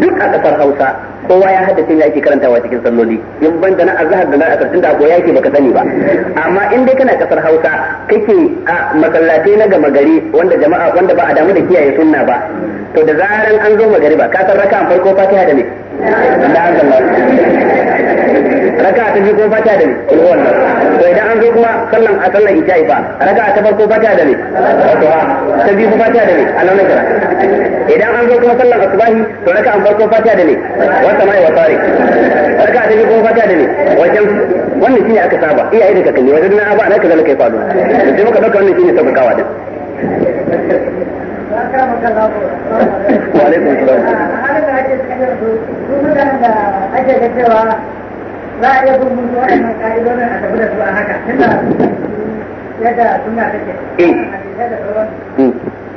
duk a ƙasar Hausa kowa ya haddace me ake karantawa cikin salloli in ban da na azhar da na asar tunda ko ke baka sani ba amma in dai kana kasar Hausa kake a masallatai na gama gari wanda jama'a wanda ba a damu da kiyaye sunna ba to da zaran an zo magariba ka san raka'an farko fatiha da ne da raka ta biyu ko fata da me wannan to idan an zo kuma sallan a sallan isha'i fa raka ta farko ba ta da to ha ta biyu ba ta da me alamun kira idan an zo kuma sallan asbahi to raka an farko ba ta da me wata mai wa re raka ta biyu kuma fata da me wajen wannan shine aka saba iyaye da kakanni wajen na aba na kaza kai fado sai muka dauka wannan shine kawa din wa alaikum salam da da da ake ake cikin cewa za a iya bin musu waɗannan ƙa'idodin a tafi da su a haka tunda yadda suna take yadda eh. sauran hmm.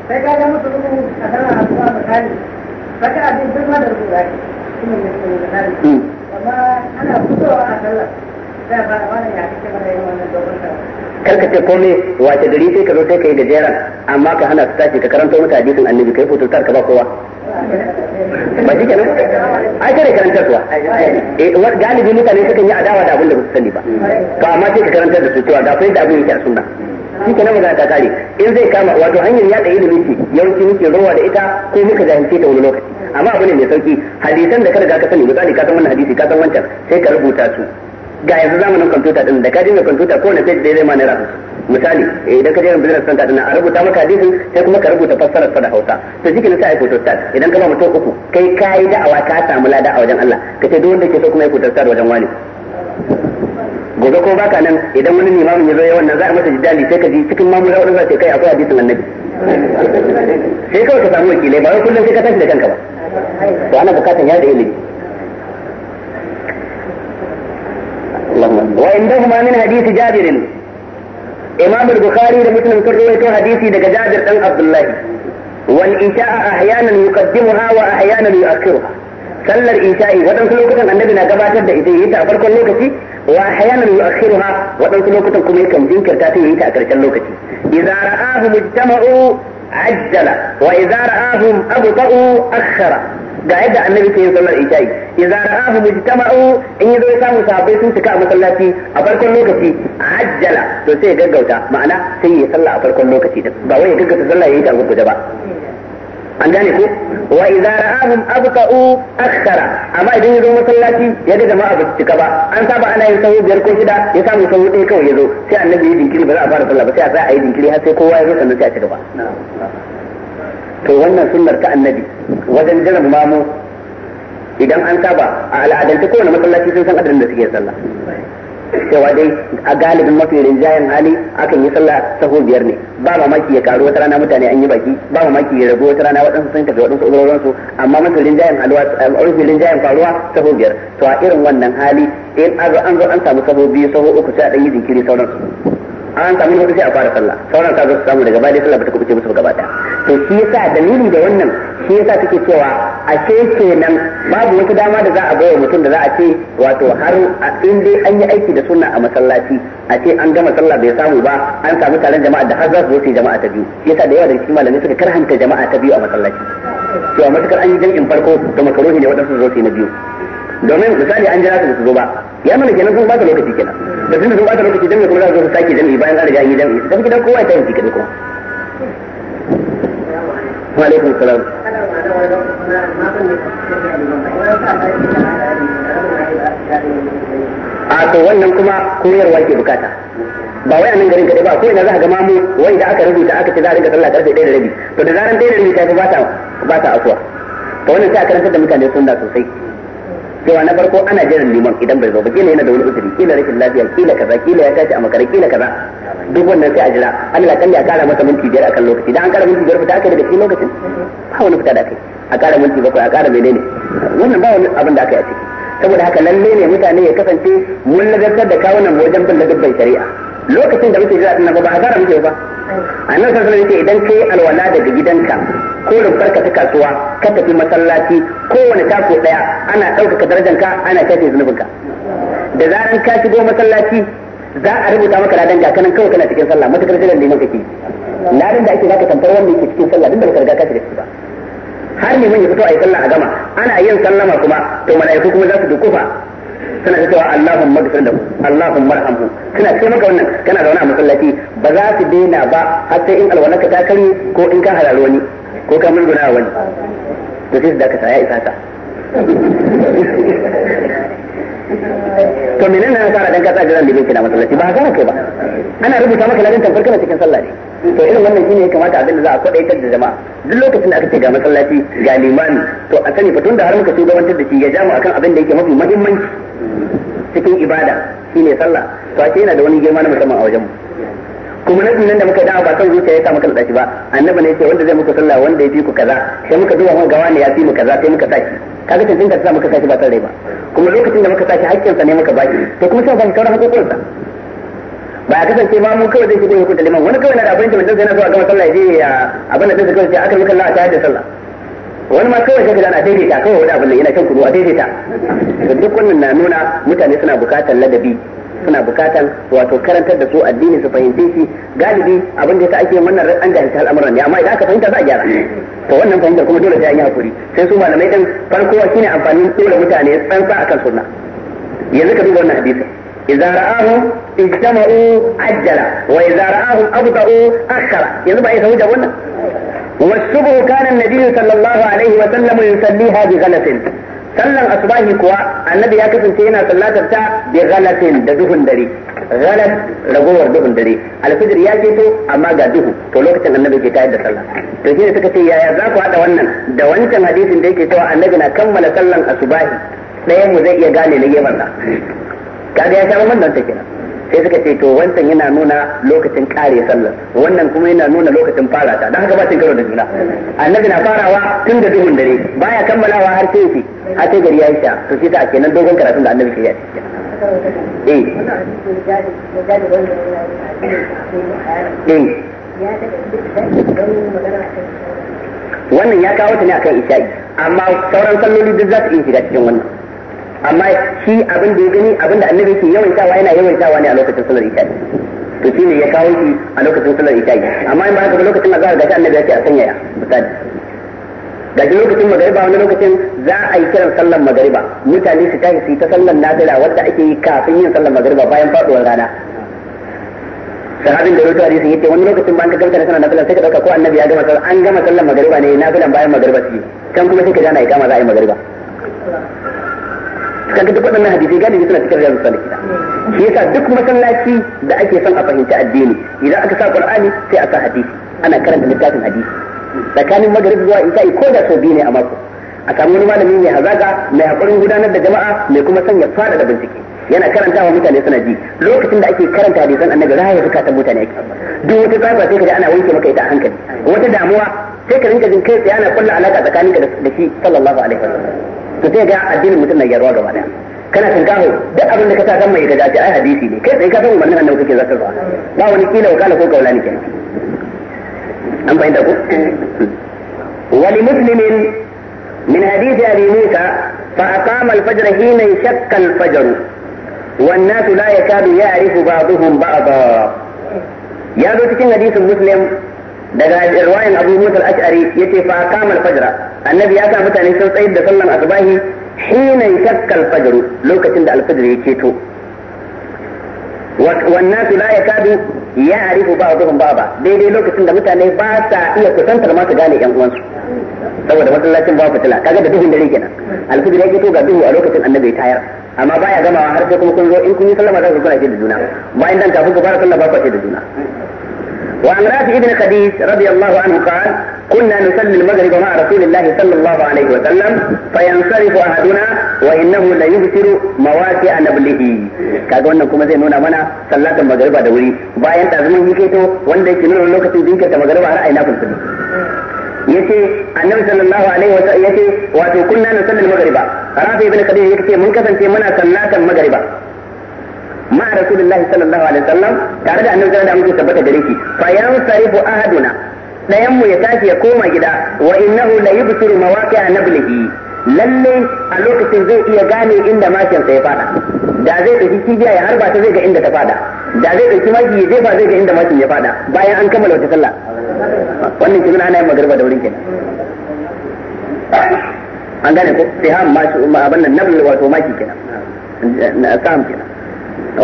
sai ka ga musu rubu a sana a zuwa misali saka abin girma da rubu zaki shi ne misali hmm. amma ana fitowa a sallar sai a fara wani ya kake mana yin wannan dogon sallar kar ka ce komai wace gari sai ka zo sai ka yi gajeren amma ka hana su tashi ka karanto mata hadisin annabi kai fototar ka ba kowa ba shi kenan ai kare karantar kuwa eh galibi mutane suka yi adawa da abin da ba su sani ba to amma sai ka karantar da su cewa da fa abin yake a sunna shi kenan magana ta kare in zai kama wato hanyar yada ilimi ce yawanci muke rowa da ita ko muka jahilce ta wani lokaci amma abu ne mai sauki hadisan da ka riga ka sani misali ka san wannan hadisi ka san wancan sai ka rubuta su ga yanzu zamanin kwamfuta din da ka mai kwamfuta ko na page da zai ma naira misali eh, idan ka je business center din a rubuta maka hadisin sai kuma ka rubuta fassarar sa da Hausa to shi kenan sai ai photostat idan ka ba mutum uku kai kai da'awa ka samu lada a wajen Allah ka ce duk wanda ke so kuma ya photostat wajen wani gobe ko baka nan idan wani limamin ya zo yawan wannan za a masa jidali sai ka ji cikin mamula wadanda za ta kai akwai hadisin annabi sai kawai ka samu wakilai ba wai kullum sai ka tashi da kanka ba to ana bukatan yada ilimi وعندهما من حديث جابر إمام البخاري لمسلم كرويته حديثي دك جابر بن عبد الله والإشاء أحيانا يقدمها وأحيانا يؤخرها sallar isha'i waɗansu lokutan annabi na gabatar da ita yi ta a farkon lokaci wa ahyanan yu'akhiruha waɗansu lokutan kuma yakan jinkirta ta yi ta a ƙarshen lokaci idza ra'ahum ijtama'u ajjala wa idza ra'ahum abta'u akhara ga yadda annabi ke yin sallar isha'i idza ra'ahu mujtama'u in yazo ya samu sahabbai sun cika a masallaci a farkon lokaci ajjala to sai ya gaggauta ma'ana sai ya sallah a farkon lokaci ba wai ya gaggauta sallah ya yi ta gurguje ba an gane ko wa idza ra'ahum abqa'u akhara amma idan yazo masallaci ya ga jama'a ba su cika ba an saba ana yin sahu biyar ko shida ya samu sahu ɗaya kawai yazo sai annabi ya dinkiri ba za a fara sallah ba sai a sai a yi dinkiri har sai kowa ya zo sannan sai a ci gaba to wannan sunnar ta annabi wajen jiran mamu idan an saba a al'adance kowane masallaci sun san adadin da suke sallah cewa dai a galibin mafi rinjayen hali akan yi sallah sahu biyar ne ba mamaki ya karu wata rana mutane an yi baki ba mamaki ya rabu wata rana waɗansu sun tafi waɗansu uzurorin su amma mafi rinjayen halwa mafi rinjayen faruwa sahu biyar to a irin wannan hali in an zo an samu sahu biyu sahu uku sai a ɗan yi jinkiri sauransu an sami hudu sai a fara sallah sauran ka zo su samu daga baya sallah ba ta kubuce musu gaba ɗaya to shi yasa dalili da wannan shi yasa take cewa ce kenan babu wata dama da za a bayar mutum da za a ce wato har in dai an yi aiki da sunna a masallaci a ce an gama sallah bai samu ba an samu taron jama'a da har za su zo su jama'a ta biyu yasa da yawa da cikin malamai suka karhanta jama'a ta biyu a masallaci to a matakar an yi jam'in farko da makarohi ne waɗansu zo su na biyu domin misali an jira su su zo ba ya mana kenan sun ba ka lokaci kenan da tunda sun bata lokaci jami'i kuma za su zo su sake jami'i bayan an riga yi jami'i su tafi gidan kowa ya tafi kaɗai kuma. wa alaikum salam. a to wannan kuma koyarwa ke bukata ba wai nan garin kaɗai ba ko ina za ka ga mamu wai da aka rubuta aka ce za a rinka sallah karfe ɗaya da rabi to da zaran ɗaya da rabi ta fi ba ta ba ta afuwa to wannan sai a karantar da mutane sunna sosai cewa na farko ana jiran neman idan bai zo ba kila yana da wani uzuri kila rashin lafiya kila kaza kila ya tashi a makare kila kaza duk wannan sai a jira Allah kalli a kara masa minti biyar akan lokaci idan an kara minti biyar fita aka daga cikin lokacin ba wani fita da aka a kara minti bakwai a kara menene wannan ba wani abin da aka yi a ciki saboda haka lalle ne mutane ya kasance mun nagartar da kawunan wajen bin ladabban shari'a lokacin da muke jira din nan ba ba kara muke ba annan sassan yake idan ka yi alwala daga gidanka ko rumfarka ta kasuwa ka tafi masallaci kowane taso daya ana ɗaukaka darajanka ana kafe zunubinka da zaran ka shigo masallaci za a rubuta maka ladan ga kanan kawai kana cikin sallah matakar jiran da liman kake ladan da ake zaka tantar wanda yake cikin sallah duk da baka riga ka shiga ciki ba har neman ya fito a yi sallah a gama ana yin sallama kuma to mala'iku kuma za su dukufa suna ta cewa Allahumma gfir lahu Allahun marhamu suna ce maka wannan kana zaune a masallaci ba za su daina ba har sai in alwalarka ta kare ko in ka halalu wani ko ka murguna wani to sai su dakata ya isa ta to menene na fara dan ka tsaya jiran bibin kina masallaci ba haka kai ba ana rubuta maka ladan tafarka na cikin sallah ne to irin wannan shine ya kamata abinda da za a kwadaitar da jama'a duk lokacin da aka ce ga masallaci ga limami to a sani fa tunda har muka shugabantar da shi ya jama akan abin da yake mafi muhimmanci cikin ibada shine sallah to ake yana da wani girma na musamman a wajenmu kuma na nan da muka da'a ba kan zuciya ya sa muka da shi ba annabi ne ce wanda zai muku sallah wanda ya fi ku kaza sai muka duba mun gawa ne ya fi mu kaza sai muka saki kaga tantance ka sa muka saki ba tare ba kuma lokacin da muka saki hakkin sa ne muka baki to kuma sai ban mu kaura hakokin sa ba ya kasance ma mun kawai zai shigo hukunta liman wani kawai na da abin da mutum zai na zuwa gama sallah ya je ya abin da zai kawai sai aka yi kallon a tayar da sallah wani ma kawai sai ka ana daidaita kawai wani abin da yana kan kudu a daidaita da duk wannan na nuna mutane suna bukatan ladabi suna bukatan wato karantar da su addini su fahimce shi galibi abin da yasa ake wannan an jahilci al'amuran ne amma idan aka fahimta za a gyara to wannan fahimtar kuma dole sai an yi hakuri sai su malamai din farko shine amfanin dole mutane tsantsa akan sunna yanzu ka duba wannan hadisi idza ra'ahu ijtama'u ajjala wa idza ra'ahu abda'u akhara yanzu ba ai sauja wannan والصبح كان النبي صلى الله عليه وسلم يصليها بغلس sallan asubahi kuwa annabi ya kasance yana sallatar ta bi ghalatin da duhun dare ghalat ragowar duhun dare alfijir ya keto amma ga duhu to lokacin annabi ke tayar da sallah to suka ce yaya za ku hada wannan da wancan hadisin da yake cewa annabi na kammala sallan asubahi ɗayan mu zai iya gane na gefen sa kaga ya sha ta kenan sai suka ce to wancan yana nuna lokacin kare sallar wannan kuma yana nuna lokacin fara ta dan haka ba cin karo da juna annabi na farawa tun da duhun dare baya kammalawa har sai yake har sai gari ya yi sha to shi sa kenan dogon karatun da annabi ke yi eh. eh wannan ya kawo ta ne akan isha'i amma sauran salloli duk za su iya shiga cikin wannan amma shi abin da ya gani abin da annabi ke yawaitawa yana yawaitawa ne a lokacin sallar isha to shi ne ya kawo shi a lokacin sallar isha amma in ba ka ba lokacin azhar gashi annabi ya ce a sanya ya misali gashi lokacin magariba wani lokacin za a yi kiran sallar magariba mutane su tashi su yi ta sallar nafila wadda ake yi kafin yin sallar magariba bayan faduwar rana sahabin da rawaito hadisin yace wani lokacin bayan ka na sallar sai ka dauka ko annabi ya gama sallar an gama sallar magariba ne nafilan bayan magariba su yi kan kuma sai ka jana ya kama za a yi magariba kaga duk waɗannan hadisai galibi suna cikin riyadu salihina shi yasa duk masallaci da ake son a fahimci addini idan aka sa qur'ani sai a sa hadisi ana karanta littafin hadisi tsakanin magrib zuwa isai ko da sau biyu ne a mako a samu wani malami mai hazaga mai haƙurin gudanar da jama'a mai kuma son ya da bincike yana karantawa mutane suna ji lokacin da ake karanta hadisan annabi raya ta mutane ake duk wata tsaba sai ka ana wanke maka ita a hankali wata damuwa sai ka rinka jin kai tsaye ana kulla alaka tsakaninka da shi sallallahu alaihi wasallam to sai ga addinin mutum na gyaruwa gaba daya kana tinkaho duk abin da ka sa kan mai ka dace ai hadisi ne kai tsaye ka san umarnin annabi kake zakarwa ba wani kila wa kala ko kaula ne kenan an fahimta ko wali muslimin min hadisi abi musa fa aqama al-fajr hina shakka al-fajr والناس لا يكاد يعرف بعضهم بعضا يا ذو تكن حديث مسلم daga irwayin abu musa al ya ce fa kamar fajra annabi ya sa mutane sun tsayar da sallan asbahi hina shakkal fajru lokacin da al ya ceto wannan su la yakadu ya arifu ba'dhum ba'da daidai lokacin da mutane ba sa iya kusantar ma su gane yan uwansu saboda masallacin ba fitila kaga da duhun dare kenan al ya ceto ga duhu a lokacin annabi ya tayar amma baya gamawa har sai kuma kun zo in kun yi sallama za ku kuna ce da juna bayan dan kafin ku fara sallah ba ku ce da juna وعن رافع بن خديج رضي الله عنه قال كنا نصلي المغرب مع رسول الله صلى الله عليه وسلم فينصرف احدنا وانه ليبصر مواقع نبله kaga wannan kuma zai nuna mana sallatin magariba da wuri bayan da zaman yake to wanda yake nuna lokacin zinkirta magariba har aina fulfuli yace annabi sallallahu alaihi wasallam yace wato kunna nusalli magriba rafi ibn qadir yake mun kasance muna sallatan magriba ma rasulullahi sallallahu alaihi wasallam tare da annabi sallallahu alaihi wasallam tabbata gare shi fa yansarifu ahaduna dayan mu ya tashi ya koma gida wa innahu la yubsiru mawaqi'a nablihi lalle a lokacin zai iya gane inda mashin ya fada da zai ɗauki kibiya ya harba ta zai ga inda ta fada da zai ɗauki maki ya jefa zai ga inda mashin ya fada bayan an kammala wata sallah wannan kibin ana yin magarba da wurin kenan an gane ko sai ha ma abin Nabli wato maki kenan sam kenan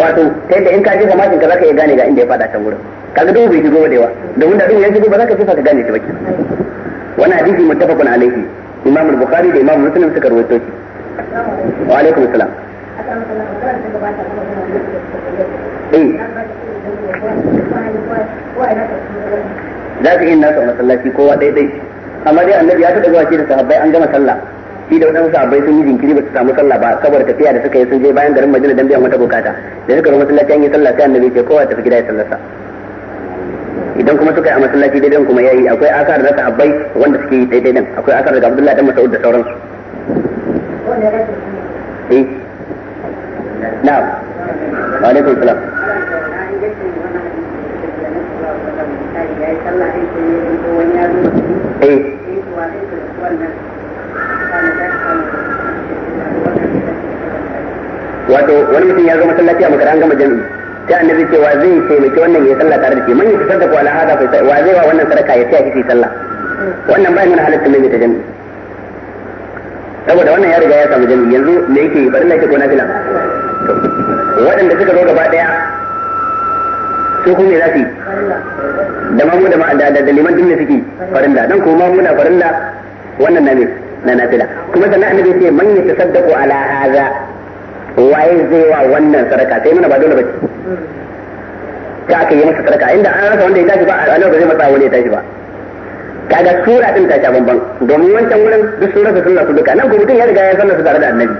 wato ta yadda in ka jefa mashin ka zaka iya gane ga inda ya fada can wurin kaga dubu bai shigo da yawa domin da dubu ya shigo ba za ka jefa ka gane shi ba wannan hadisi muttafaqun alaihi imam al-bukhari da imam muslim suka rawaito shi wa alaikum assalam eh. za su yi nasa masallaci kowa ɗaiɗai amma dai annabi ya taɓa zuwa ce da sahabbai an gama sallah shi da wani sahabbai sun yi jinkiri ba su samu sallah ba saboda tafiya da suka yi sun je bayan garin Madina dan biyan wata bukata da suka zo masallaci an yi sallah sai annabi ce kowa tafi gida ya sallarsa idan kuma suka yi a masallaci dan kuma yayi akwai asar da sahabbai wanda suke yi daidai dan akwai asar daga Abdullahi dan Mas'ud da sauransu eh na'am wa alaikum salam eh wato wani mutum ya zo masallaci a makara an gama jami'i sai annabi wa zai taimaki wannan ya sallah tare da shi manyan yi fitar da ku ala hada fa wa zai wa wannan sadaka ya taya shi sallah wannan ba nuna halatta mai ta jami'i saboda wannan ya riga ya samu jami'i yanzu me yake bari na ko na fila waɗanda suka zo gaba daya su kuma za su da mamu da da liman din suke suke farinda don kuma mamu na farinda wannan na ne na nafila kuma sannan annabi ce man ya tasaddaqu ala hadha waye zai wa wannan sadaka sai mana ba dole ba ka aka yi masa sadaka inda an rasa wanda ya tashi ba annabi zai masa wani ya tashi ba kaga sura din ta sha bambam domin wancan wurin duk sun rasa sunna su duka nan ko mutum ya riga ya sanna su tare da annabi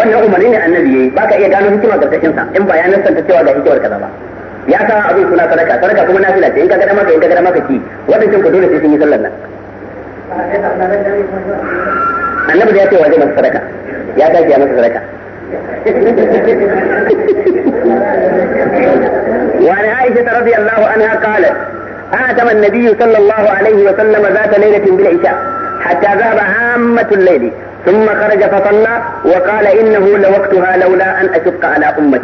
wannan umarni ne annabi yayi baka iya gano hikimar karkashin sa in ba ya ta cewa ga hikimar kaza ba ya sa abin suna sadaka sadaka kuma nafila ce in ka gada maka in ka gada maka ki wadancan ku dole sai sun yi sallar nan annabi ya ce waje masa sadaka ya tashi ya masa sadaka wa وعن عائشة رضي الله عنها قالت آتم النبي صلى الله عليه وسلم ذات ليلة بالعشاء حتى ذهب عامة الليل ثم خرج فصلى وقال إنه لوقتها لولا أن أشق على أمتي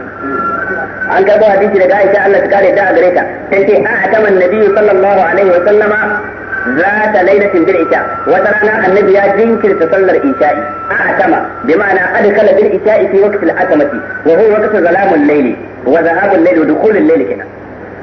an karɓo hadisi daga Aisha Allah ta kare da a gare ta tace a ataman nabi sallallahu alaihi wa sallama ذات ليلة بالعشاء وترانا النبي جنكر تصلى العشاء أعتم بمعنى أدخل بالعشاء في وقت الأتمة وهو وقت ظلام الليل وذهاب الليل ودخول الليل هنا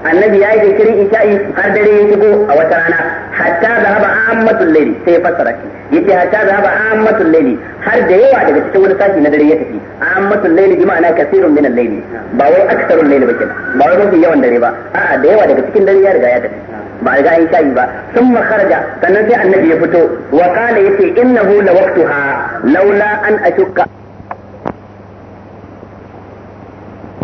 annabi ya yi jinkirin isha'i har dare ya shigo a wata rana hatta zahaba ammatul layli sai fassara shi yace hatta zahaba ammatul layli har da yawa daga cikin wani sashi na dare ya tafi ammatul layli bi ma'ana kasirun min al-layli ba wai aksarul layli ba kenan ba wai mafi yawan dare ba a'a da yawa daga cikin dare ya riga ya tafi ba a riga an shayi ba sun makaraja sannan sai annabi ya fito wa kana yace innahu la waqtuha laula an ashukka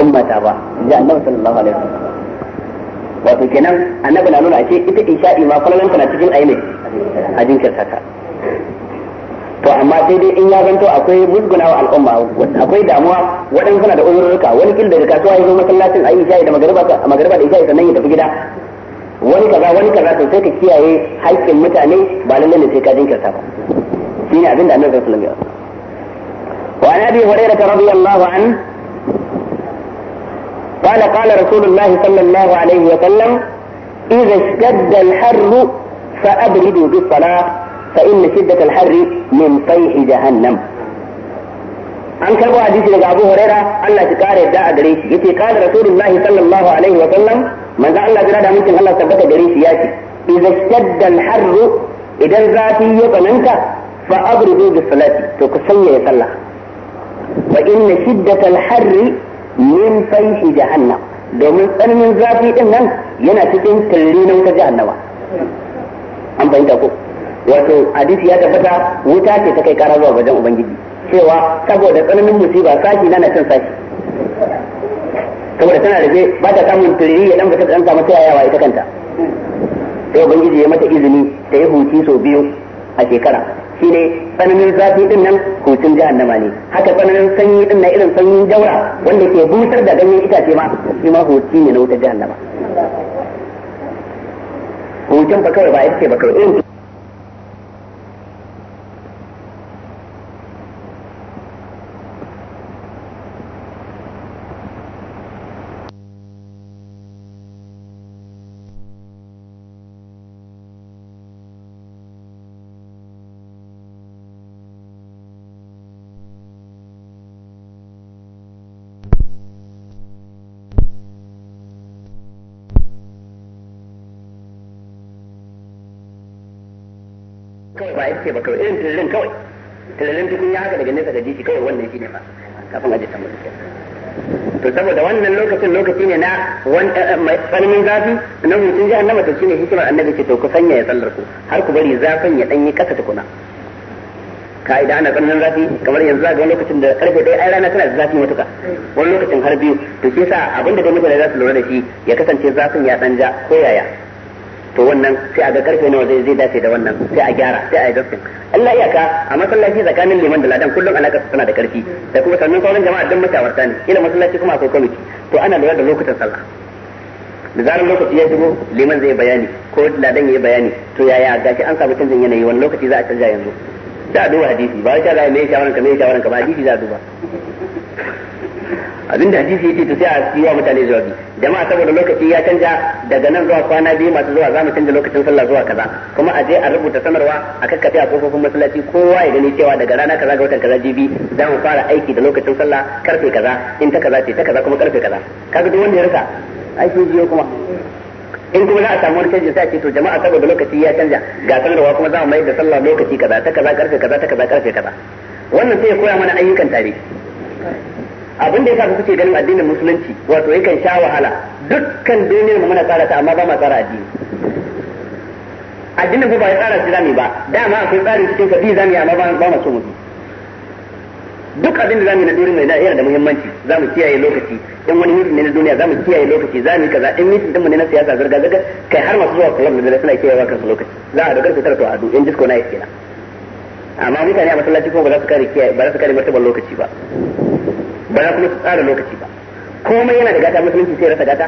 ummata ba ji annabi sallallahu alaihi wasallam wato kenan annabi na nuna a ce ita isha'i ma kullun tana cikin aini a jinkirta ta to amma sai dai in ya zanto akwai musgunawa al'umma akwai damuwa waɗansu suna da uzurruka wani kila daga kasuwa ya zo masallacin ayi shayi da magariba magariba da isha'i sannan ya tafi gida wani kaza wani kaza to sai ka kiyaye haƙƙin mutane ba lalle ne sai ka jinkirta ba shi ne abin da annabi sallallahu alaihi wasallam ya wa an abi radiyallahu an قال قال رسول الله صلى الله عليه وسلم إذا اشتد الحر فأبردوا بالصلاة فإن شدة الحر من طيح جهنم an karbo hadisi daga Abu Huraira Allah shi kare yadda a gare shi yace kara Rasulullahi sallallahu alaihi wa sallam manzo Allah jira da mutum Allah tabbata gare shi yace idza shadda al-harr idan zafi ya tsananta fa abridu bi salati to ku sanya sallah wa domin tsananin zafi din nan yana cikin tilli na wuta jahannama an bayyana ko wato hadisi ya tabbata wuta ce ta kai kara zuwa wajen ubangiji cewa saboda tsananin musiba sashi na cin sashi saboda tana rufe ba ta samun turiri ya dan fita dan samu tsayawa ita kanta sai ubangiji ya mata izini ta yi huci sau biyu a shekara shi ne tsananin zafi din nan hutun jahannama ne haka tsananin sanyi din na irin sanyin jaura wanda ke busar da ganyen itace ma shi ma huci ne na wutar jahannama hutun ba kawai ba ita ce ba kawai ce ba kawai irin tilalin kawai tilalin tukun ya haka daga nesa da jiki kawai wannan shine ba kafin aje samu to saboda wannan lokacin lokaci ne na eh, eh, tsananin zafi na hutun jihar na mata shine hikimar annabi ce to ku sanya ya sallar ku har ku bari zafin ya danyi kasa tukuna ka'ida ana tsananin zafi kamar yanzu ga wani lokacin da karfe ɗaya ai rana tana da zafi matuka wani lokacin har biyu to shi yasa abinda da dai mutane za su lura da shi ya kasance zafin ya danja ko yaya to wannan sai a ga karfe nawa zai zai dace da wannan sai a gyara sai a yi dafin Allah iyaka a masallaci tsakanin liman da ladan kullum alaka tana da karfi da kuma sannan sauran jama'a dan mutawarta ne ila masallaci kuma akwai kwamiti to ana lura da lokutan sallah da zarar lokaci ya shigo liman zai bayani ko ladan ya bayani to yaya gashi an samu canjin yanayi wani lokaci za a canja yanzu za a duba hadisi ba wai Allah mai shawaran ka mai shawaran ka ba hadisi za a duba abinda hadisi yake to sai a yi wa mutane jawabi jama'a saboda lokaci ya canja daga nan zuwa kwana biyu masu zuwa zamu canja lokacin sallah zuwa kaza kuma a je a rubuta sanarwa a kakkafe a kofofin masallaci kowa ya gani cewa daga rana kaza ga watan kaza jibi za mu fara aiki da lokacin sallah karfe kaza in ta kaza ce ta kaza kuma karfe kaza kaga duk wanda ya rika aiki jiyo kuma in kuma za a samu wani canji sai ce to jama'a saboda lokaci ya canja ga sanarwa kuma za mu mai da sallah lokaci kaza ta kaza karfe kaza ta kaza karfe kaza wannan sai ya koya mana ayyukan tare abin da yasa ku suke ganin addinin musulunci wato yakan sha wahala dukkan duniyar mu muna tsara ta amma ba ma tsara addini addinin ba ya tsara shi zamu ba dama akwai tsarin cikin ka bi zamu amma ba ma so mu duk abin da zamu na duniya mai yana da muhimmanci zamu kiyaye lokaci in wani mutum ne na duniya zamu kiyaye lokaci zamu kaza in mutum din mu ne na siyasa zarga zarga kai har masu zuwa club da suna kiyaye kansu lokaci za a dogar fitar to a in disco na yake amma mutane a masallaci ko ba za su kare kiyaye ba za su kare martaban lokaci ba ba za kuma su tsara lokaci ba komai yana da gata musulunci sai rasa gata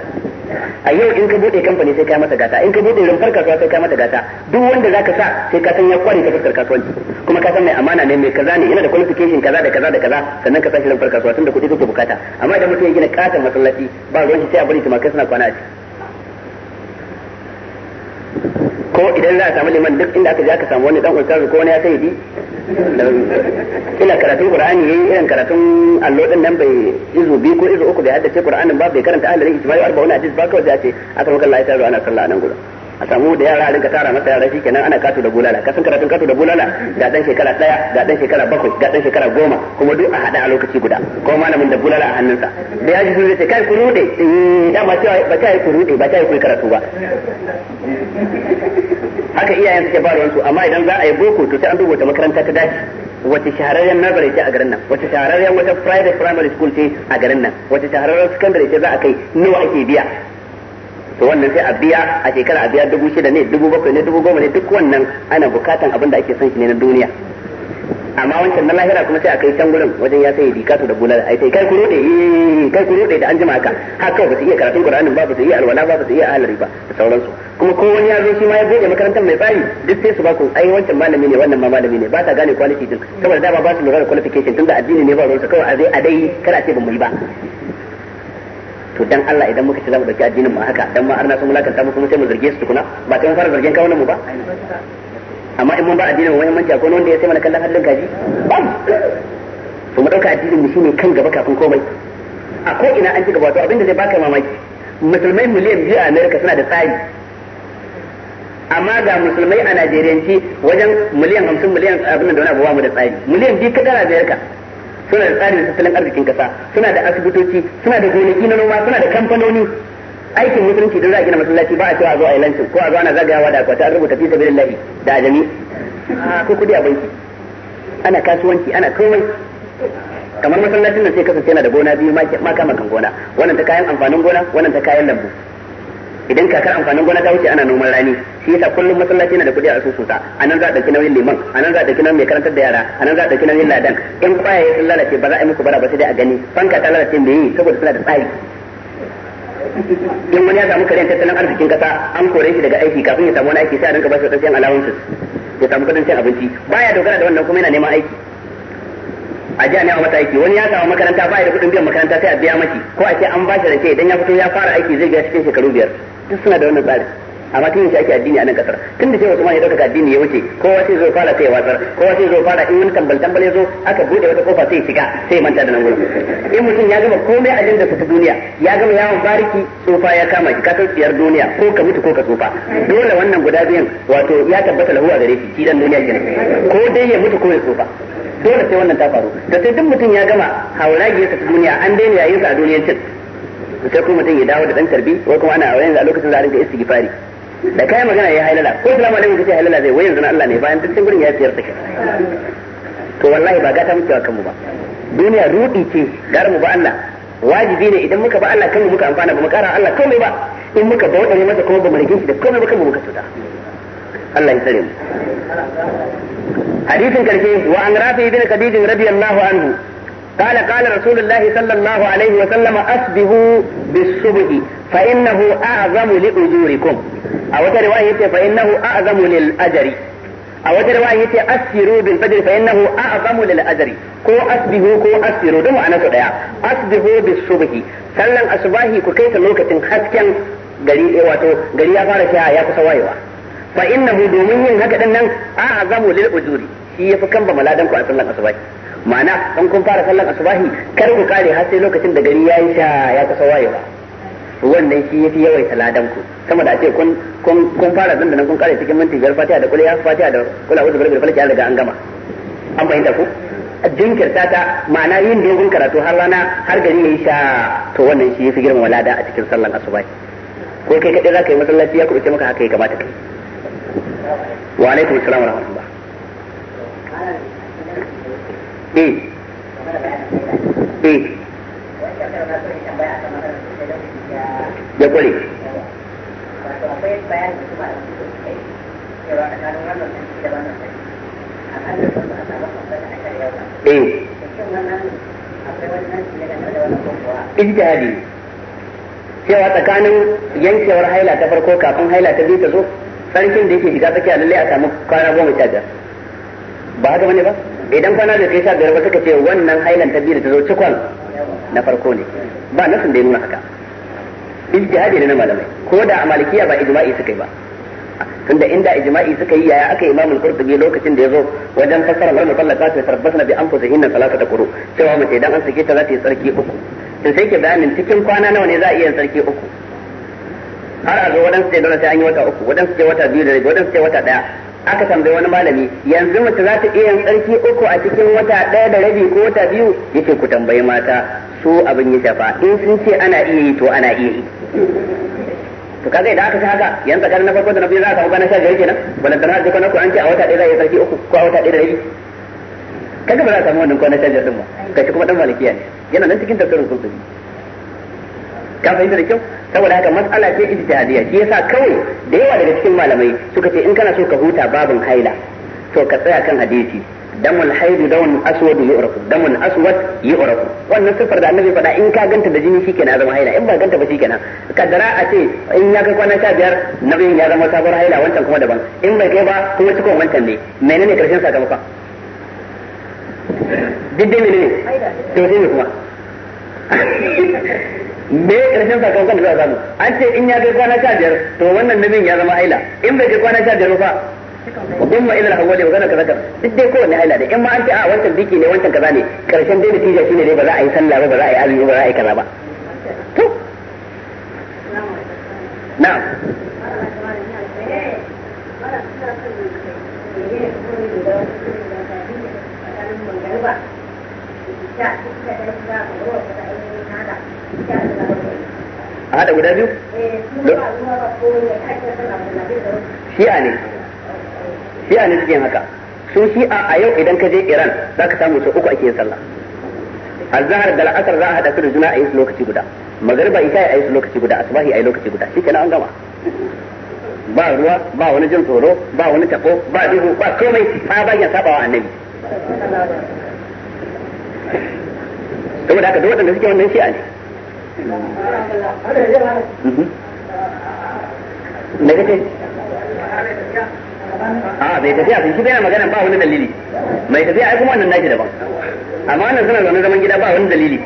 a yau in ka bude kamfani sai ka masa gata in ka bude rumfar kasuwa sai ka masa gata duk wanda zaka sa sai ka san ya kware ta fuskar kasuwanci kuma ka san mai amana ne mai kaza ne yana da qualification kaza da kaza da kaza sannan ka sa shi rumfar kasuwa tunda kuɗi kake bukata amma idan mutum ya gina katon masallaci ba ruwan shi sai a bari tumakai suna kwana a ciki ko idan za a samu liman duk inda aka je aka samu wani dan ustazu ko wani ya sai bi ina karatun qur'ani yayi irin karatun allo din nan bai izu bi ko izu uku bai haddace qur'anin ba bai karanta ahlul ijma'i arba'una hadis ba kawai a ce aka maka Allah ya tsaro ana sallah nan gurin a samu da yara rinka tara masa yara kenan ana kato da bulala ka san karatun kato da bulala ga dan shekara daya ga dan shekara bakwai ga dan shekara goma kuma duk a hada a lokaci guda ko malamin da bulala a hannunsa da ya ji sun ce kai kuru rude eh, ya ma cewa ba kai kuru ku ba kai yi karatu ba haka iyayen suke ba ruwansu amma idan za a yi boko to sai an rubuta makaranta ta dace wace shahararren nursery ce a garin nan wace shahararren wata private primary school ce a garin nan wace shahararren secondary ce za a kai nawa ake biya to wannan sai a biya a shekara a biya dubu shida ne dubu bakwai ne dubu goma ne duk wannan ana bukatan abin da ake son shi ne na duniya amma wancan na lahira kuma sai a kai can gurin wajen ya sai dikatu da bulala ai sai kai kuro rode eh, kai kuro rode da an jima ka haka ba su iya karatun qur'anin ba ba su iya alwala ba ba su iya ahlari ba da sauransu kuma ko wani ya zo shi ma ya bude makarantar mai tsari duk sai su ba ku ai wancan malami ne wannan ma malami ne ba ta gane quality din saboda dama ba su lura da qualification tunda addini ne ba ruwansa kawai a dai a dai kar a ce ba mu yi ba to dan Allah idan muka ce za mu dauki addinin mu haka dan ma arna sun mulakanta mu kuma sai mu zarge su tukuna ba sai mun fara zargen kawunan mu ba amma in mun ba addinin mu muhimmanci akwai wanda ya sai mana kallon hannun kaji ba to mu dauka addinin mu shine kan gaba kafin komai a ko ina an ci gaba to abinda zai baka mamaki musulmai miliyan biyu a amerika suna da tsari amma ga musulmai a Najeriyanci wajen miliyan hamsin miliyan abin da wani abuwa mu da tsari miliyan biyu kada a amerika. suna da tsarin tattalin arzikin kasa suna da asibitoci suna da gonaki na noma suna da kamfanoni aikin musulunci da za a gina masallaci ba a cewa a zo a yi lancin ko a zo ana zagayawa da akwati an rubuta fi sabilillahi da ajami ko kudi a banki ana kasuwanci ana komai kamar masallacin nan sai kasance yana da gona biyu ma kama kan gona wannan ta kayan amfanin gona wannan ta kayan lambu idan kakar amfanin gona ta wuce ana noman rani shi yasa kullum masallaci na da kudi a asusunsa a nan za a ɗauki nauyin liman a nan za a ɗauki nauyin mai karantar da yara a nan za a ɗauki nauyin ladan in kwayaye sun lalace ba za a yi muku bara ba sai dai a gani fanka ta lalace mai yi saboda suna da tsari in wani ya samu karyan tattalin arzikin kasa an kore shi daga aiki kafin ya samu wani aiki sai a rinka ba shi wadansu yan alawansu ya samu kudin cin abinci baya dogara da wannan kuma yana neman aiki a ji a nema mata aiki wani ya samu makaranta ba ya da kuɗin biyan makaranta sai a biya maki ko a ce an ba shi rance idan ya fito ya fara aiki zai biya cikin shekaru biyar duk suna da wannan tsari amma tun shi ake addini a nan kasar tun da cewa Usman ya dauka addini ya wuce kowa sai zo fara sai watsar kowa sai zo fara in wani tambal tambal ya zo aka bude wata kofa sai shiga sai manta da nan gurin in mutum ya gama komai a su ta duniya ya gama yawon bariki tsofa ya kama shi kasar tsiyar duniya ko ka mutu ko ka tsofa. dole wannan guda biyan wato ya tabbata lahuwa gare shi shi dan duniya kenan ko dai ya mutu ko ya tsofa dole sai wannan ta faru da sai duk mutum ya gama hauragiyar sa ta duniya an daina yayin sa a duniyar cin sai kuma mutum ya dawo da dan tarbi ko kuma ana yanzu a lokacin da a rinka istighfari da kai magana ya halala ko salamu alaikum kace halala zai wai yanzu na Allah ne bayan duk gurin ya tsayar take to wallahi ba gata muke kanmu ba duniya rudi ce gar mu ba Allah wajibi ne idan muka ba Allah kanmu muka amfana ba mu kara Allah komai ba in muka bauta masa kuma ba mu rigin shi da komai ba kanmu muka tuta Allah ya tsare mu hadisin karshe wa an rafi bin khadij radiyallahu anhu قال قال رسول الله صلى الله عليه وسلم أسبهوا بالصبح فإنه أعظم لأجوركم أو رواية فإنه أعظم للأجر a wata riwaya yace asiru bil fajr fa innahu a'zamu lil ko asbihu ko asiru duk ma'ana su daya asbihu bis subhi sallan asbahi ku kai ta lokacin hasken gari eh, wato gari ya fara kiya ya kusa wayewa fa innahu domin yin haka din nan a azamu lil ujuri shi yafi kan ba maladan ku a sallan asubahi ma'ana in kun fara sallan asubahi kar ku kare har sai lokacin da gari yayi sha ya kusa wayewa wannan shi yafi yawai saladan ku sama da a ce kun kun kun fara dan nan kun kare cikin minti biyar fatiha da kulli fatiha da kula wuzu bil falaki an riga an gama an fahimta ku jinkirta ta ma'ana yin dogon karatu har rana har gari yayi sha to wannan shi yafi girma walada a cikin sallan asubahi ko kai kadai zaka yi masallaci ya kuɓuce maka haka ya kamata kai wa alaikum assalam wa rahmatullah eh eh ya kware eh, eh ijtihadi cewa tsakanin yankewar haila ta farko kafin haila ta biyu ta zo sarkin da yake shiga tsakiya lallai a samu kwana goma sha biyar ba haka bane ba idan kwana da kai sha biyar ba suka ce wannan hailan ta biyu da ta zo cikon na farko ne ba nasin da ya nuna haka ijtihadi ne na malamai ko da a malikiya ba ijma'i suka yi ba tunda inda ijma'i suka yi yaya aka imamul qurtubi lokacin da yazo wajen fassara wal mutallaqat ya tarabbasna bi anfusihinna ta quru cewa mace idan an sake ta za ta yi sarki uku to sai ke bayanin cikin kwana nawa ne za a iya sarki uku har a zo waɗansu ke dole sai an yi wata uku waɗansu ke wata biyu da rabi waɗansu ke wata ɗaya aka tambayi wani malami yanzu mace za ta iya yin tsarki uku a cikin wata ɗaya da rabi ko wata biyu yake ku tambayi mata su abin ya shafa in sun ce ana iya yi to ana iya yi to kaga idan aka ci haka yan tsakanin na farko da na biyu za a samu bana sha biyar kenan wannan tana da kwana ko an ce a wata ɗaya za a yi tsarki uku ko a wata ɗaya da rabi kaga ba za a samu wannan kwana sha biyar din ba kashi kuma dan malikiya ne yana nan cikin tafsirin sultani ka fahimta da kyau saboda haka mas'ala ce ijtihadiyya shi yasa kawai da yawa daga cikin malamai suka ce in kana so ka huta babin haila to ka tsaya kan hadisi damul haidu damun aswad yu'rafu damul aswad yu'rafu wannan sifar da annabi faɗa in ka ganta da jini shikenan zama haila in ba ganta ba shikenan kadara a ce in ya kai kwana 15 nabiyin ya zama sabuwar haila wancan kuma daban in bai kai ba kuma cikon wancan ne menene karshen sakamakon diddai menene to sai kuma me karshen sakamakon da za a samu an ce in ya kai kwana sha biyar to wannan nabin ya zama aila in bai kai kwana sha biyar ba ثم hawa ne وغنى kaza كذا duk dai kowanne aila ne in ma an ce a ah, wancan biki ne wancan kaza ne karshen dai natija shine dai ba za a yi sallah ba ba za a yi azumi ba za a yi kaza ba to na'am Yeah, a haɗa guda biyu shi'a ne shi'a ne suke haka sun shi'a a yau idan ka je iran za ka samu sau uku ake yin sallah azhar da la'asar za a haɗa su da juna a yi su lokaci guda magariba isha a yi su lokaci guda asubahi a yi lokaci guda shi kenan an gama ba ruwa ba wani jin tsoro ba wani tako ba duhu ba komai ta bayan sabawa annabi saboda haka duk waɗanda suke wannan shi'a ne da mm-hmm. kace a ah, bai tafiya sun shi bai magana ba wani dalili mai tafiya ai kuma wannan nashi daban amma wannan suna zaune zaman gida ba wani dalili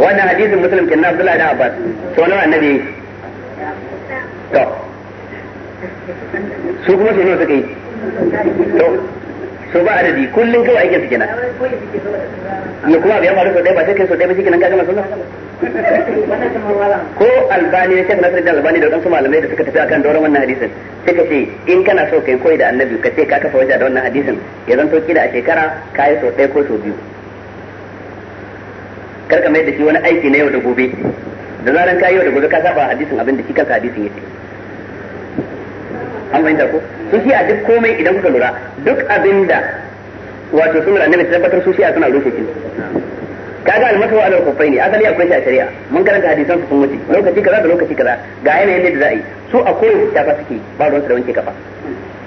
wannan hadisin muslim kinna abdullahi da abbas to nawa annabi to su kuma su nawa suka yi to so ba adadi kullum kawai aikin su kenan ya kuma biyan faru so ɗaya ba sai kai so ɗaya ba shikenan ka gama sunna ko albani ya shek nasarar da albani da wadansu malamai da suka tafi akan dauran wannan hadisin ka ce in kana so kai koyi da annabi ka ce ka kafa wajen da wannan hadisin ya zan zanto da a shekara ka yi so ɗaya ko so biyu kar ka mai da shi wani aiki na yau da gobe da zaran ka yi yau da gobe ka saba hadisin abin da shi kansa hadisin yake an fahimta ko su shi a duk komai idan kuka lura duk abinda wato sunan annabi tabbatar su shi a suna rushe shi kaga almasahu ala al-khuffaini asali akwai shi a shari'a mun karanta hadisan su sun wuce lokaci kaza da lokaci kaza ga yanayin yadda za a yi su a kowace shafa suke ba ruwan su da wanke kafa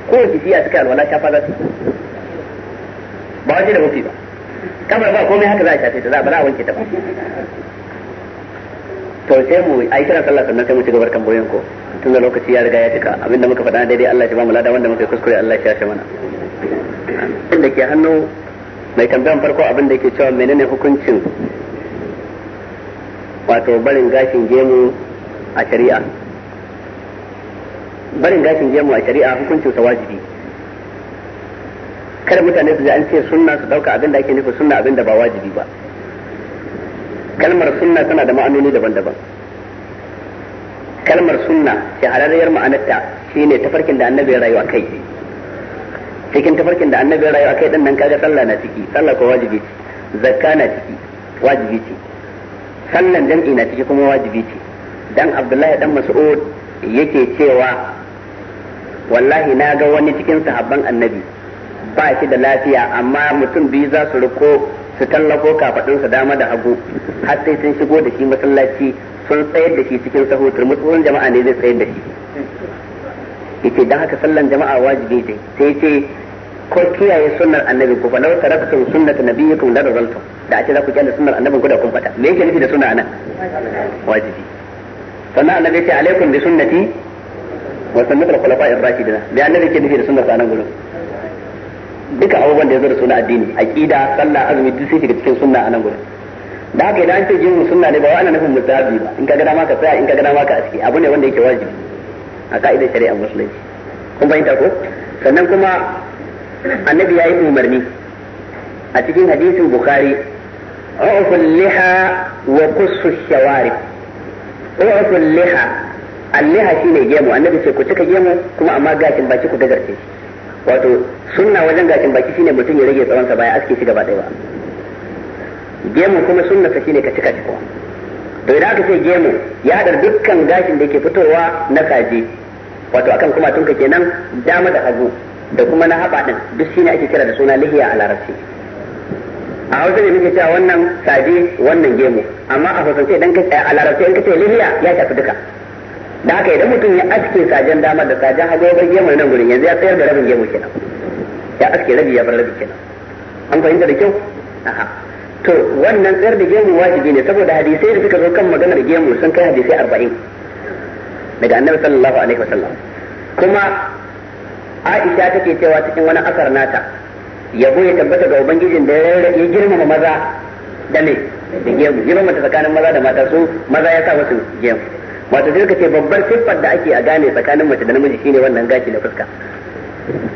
kowace a suka alwala shafa za su ba wace da wuce ba kamar ba komai haka za a shafe ta za a ba za a wanke ta ba to sai mu ai sallah sannan sai mu ci gabar tambayoyin ko tun da lokaci ya riga ya cika abinda muka faɗa daidai Allah ya ba mu lada wanda muka kuskure Allah ya shafe mana abin wato barin gashin gemu a shari'a barin gashin gemu a shari'a hukuncin sa wajibi kada mutane su ji an ce sunna su dauka abin ake nufi sunna abin da ba wajibi ba kalmar sunna tana da ma'anoni daban-daban kalmar sunna shahararriyar ma'anarta ne tafarkin da annabi ya rayuwa kai cikin tafarkin da annabi ya rayuwa kai din nan kaga sallah na ciki sallah ko wajibi ce zakka na ciki wajibi ce sallan jam'i na ciki kuma wajibi ce dan abdullahi dan mas'ud yake cewa wallahi na ga wani cikin sahabban annabi ba shi da lafiya amma mutum biyu za su riko su tallafo kafadunsa dama da hagu har sai sun shigo da shi masallaci sun tsayar da shi cikin saho turmutsuwan jama'a ne zai tsayar da shi yace dan haka sallan jama'a wajibi ne sai ce ko kiyaye sunnar annabi ku falau taraktum sunnata nabiyikum da dalaltum da a ce za ku kiyaye sunnar annabi ku da kun fata me yake nufi da sunna nan? wajibi sannan annabi ya ce alaikum bi sunnati wa sunnatul khulafa'ir rashidina me annabi yake nufi da sunnar anan gurin duka abubuwan da ya zara suna addini aqida sallah azumi duk sai shiga cikin sunna anan gurin da haka idan an ce jin sunna ne ba ana nufin mutabi ba in ka ga dama ka tsaya in ka ga dama ka aski abu ne wanda yake wajibi a ka'idar shari'a musulunci kun fahimta ko sannan kuma annabi ya yi umarni a cikin hadisin bukhari u'ful liha wa qussu shawarib u'ful liha al shine gemu annabi ce ku cika gemu kuma amma gashin baki ku gajarce shi wato sunna wajen gashin baki shine mutum ya rage tsawonsa baya aske shi gaba daya ba gemu kuma sunna ta shine ka cika ciko to idan aka ce gemu ya dar dukkan gashin da ke fitowa na kaji wato akan kuma tunka kenan dama da hagu da kuma na haba din duk shine ake kira da suna lihiya a larabci a hausa ne muke cewa wannan kaji wannan gemu amma a hausance idan ka a larabci in ka ce lihiya ya shafi duka da haka idan mutum ya aske sajen damar da sajen hagu ya bar gemu nan gurin yanzu ya tsayar da rabin gemu kenan ya aske rabi ya bar rabi kenan an fahimta da kyau aha to wannan tsayar da gemu wajibi ne saboda hadisai da suka zo kan maganar gemu sun kai hadisai arba'in daga annabi sallallahu alaihi wasallam kuma Aisha take cewa cikin wani asar nata yabo ya tabbata ga ubangijin da ya girmama maza da ne da gemu girmama tsakanin maza da mata su maza ya sa wasu gemu wato sai kace babbar siffar da ake a gane tsakanin mace da namiji shine wannan gashi na fuska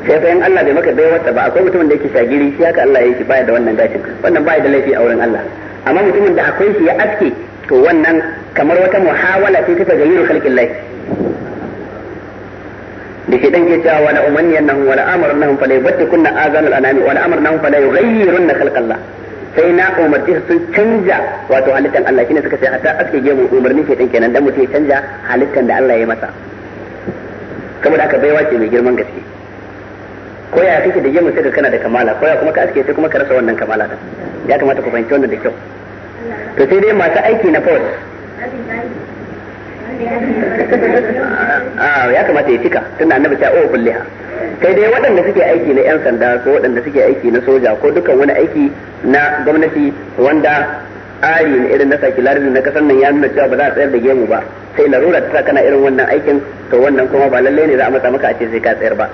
sai fa in Allah bai maka bai wata ba akwai mutumin da yake shagiri shi haka Allah ya yi baya da wannan gashin wannan baya da laifi a wurin Allah amma mutumin da akwai shi ya aske to wannan kamar wata muhawala ce ta tagayyuru khalqin lahi da shi dan ke cewa wala umanniyannahum wala amarnahum la yubtikunna azanal anami wala amarnahum la yughayyirunna khalqallah sai na umarci sun canja wato halittan Allah shine suka ce hatta aske gemu ke shaitan kenan dan mutum ya canja halittan da Allah ya masa saboda aka baiwa ce mai girman gaske ko ya kake da gemu sai ka kana da kamala ko ya kuma ka aske sai kuma ka rasa wannan kamala ta ya kamata ku fahimci wannan da kyau to sai dai masu aiki na force Ah, ya kamata ya cika tunda annabi ta o oh, kulliha kai dai waɗanda suke aiki na yan sanda ko waɗanda suke aiki na soja ko dukkan wani aiki na gwamnati wanda ari na irin na sakularism na kasar nan ya nuna cewa ba za a tsayar da gemu ba sai larura ta kana irin wannan aikin to wannan kuma ba lallai ne za a matsa maka a ce sai ka tsayar ba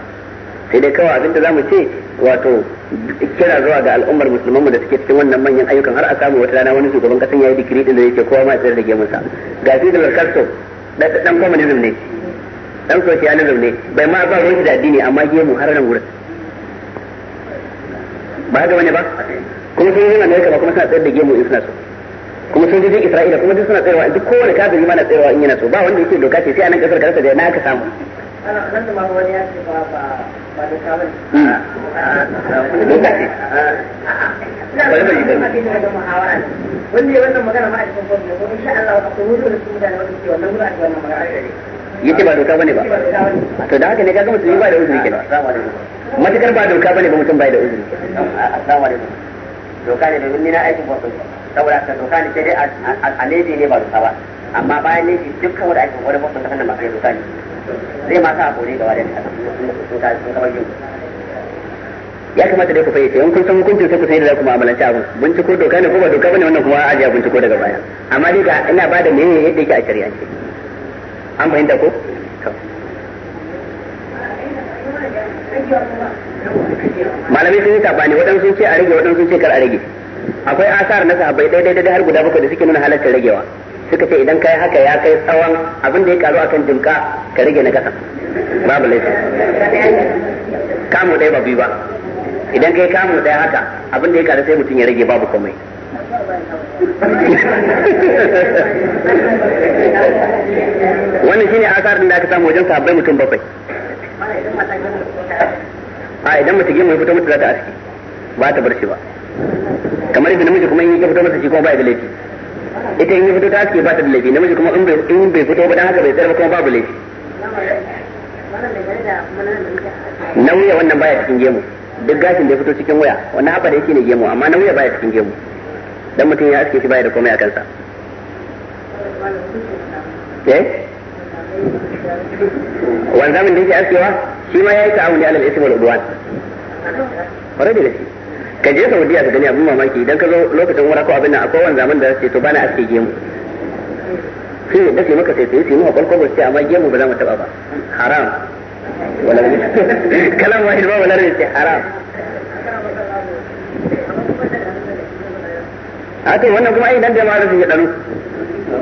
sai dai kawai abinda za mu ce wato kira zuwa ga al'ummar musulman mu da suke cikin wannan manyan ayyukan har a samu wata rana wani shugaban kasan ya yi digiri din da yake kowa ma tsayar da gemunsa ga da castro dan communism ne dan socialism ne bai ma ba ruwan da addini amma gemu har nan gurin ba ga wani ba kuma sun yi ne ba kuma suna tsayar da gemu in suna so kuma sun jin Isra'ila kuma duk suna tsayarwa duk kowane kafiri ma na tsayarwa in yana so ba wanda yake doka ce sai a nan kasar kasar da na ka samu da yace ba doka bane ba to da haka ne mutum ba da uzuri kenan ba doka bane ba mutum da uzuri assalamu alaikum doka ne domin ni na aikin saboda ka doka ne sai dai a ne ba doka ba amma bayan dukkan aikin doka ne zai ma sa hakuri ga wadannan sun kamar yin ya kamata dai ku fayyace in kun san hukuncin sai ku san yadda kuma ku mu'amalanci abin binciko doka ne ko ba doka bane wannan kuma ajiya binciko daga baya amma dai ga ina ba da meye yadda yake a shari'ance an fahimta ko malamai sun yi sabani waɗansu sun ce a rage waɗansu sun ce kar a rage akwai asar na sahabbai daidai daidai har guda bakwai da suke nuna halartar ragewa suka ce idan kai haka ya kai tsawon abin da ya karu akan jimka ka rage na kasa babu laifi kamu ɗaya ba biyu ba idan kai kamu ɗaya haka abin da ya karu sai mutum ya rage babu komai wannan shine din da aka samu wajen sahabbai mutum bakwai a idan mutum ya fito mutum za ta aski ba ta bar shi ba kamar yadda namiji kuma in ya fito masa shi kuma ba ya da laifi ita in fito ta ce ba ta da laifi namiji kuma in bai fito ba dan haka bai tsara kuma babu laifi na wuya wannan baya cikin gemu duk gashin da ya fito cikin waya wannan haba da yake ne gemu amma na wuya baya cikin gemu dan mutum ya aske shi baya da komai a kansa eh wanzamin da yake askewa shi ma yayi ta'awuni alal ismi wal udwan kwarai da shi ka je saudiya ka gani abin mamaki idan ka zo lokacin umra ko abin nan akwai wani zaman da ce to bana aske gemu sai ya dace maka sai sai sai mu kwalkwabo sai amma gemu ba za mu taba ba haram wala kalan wahid ba wala ne haram a to wannan kuma ai dan da ma da su dano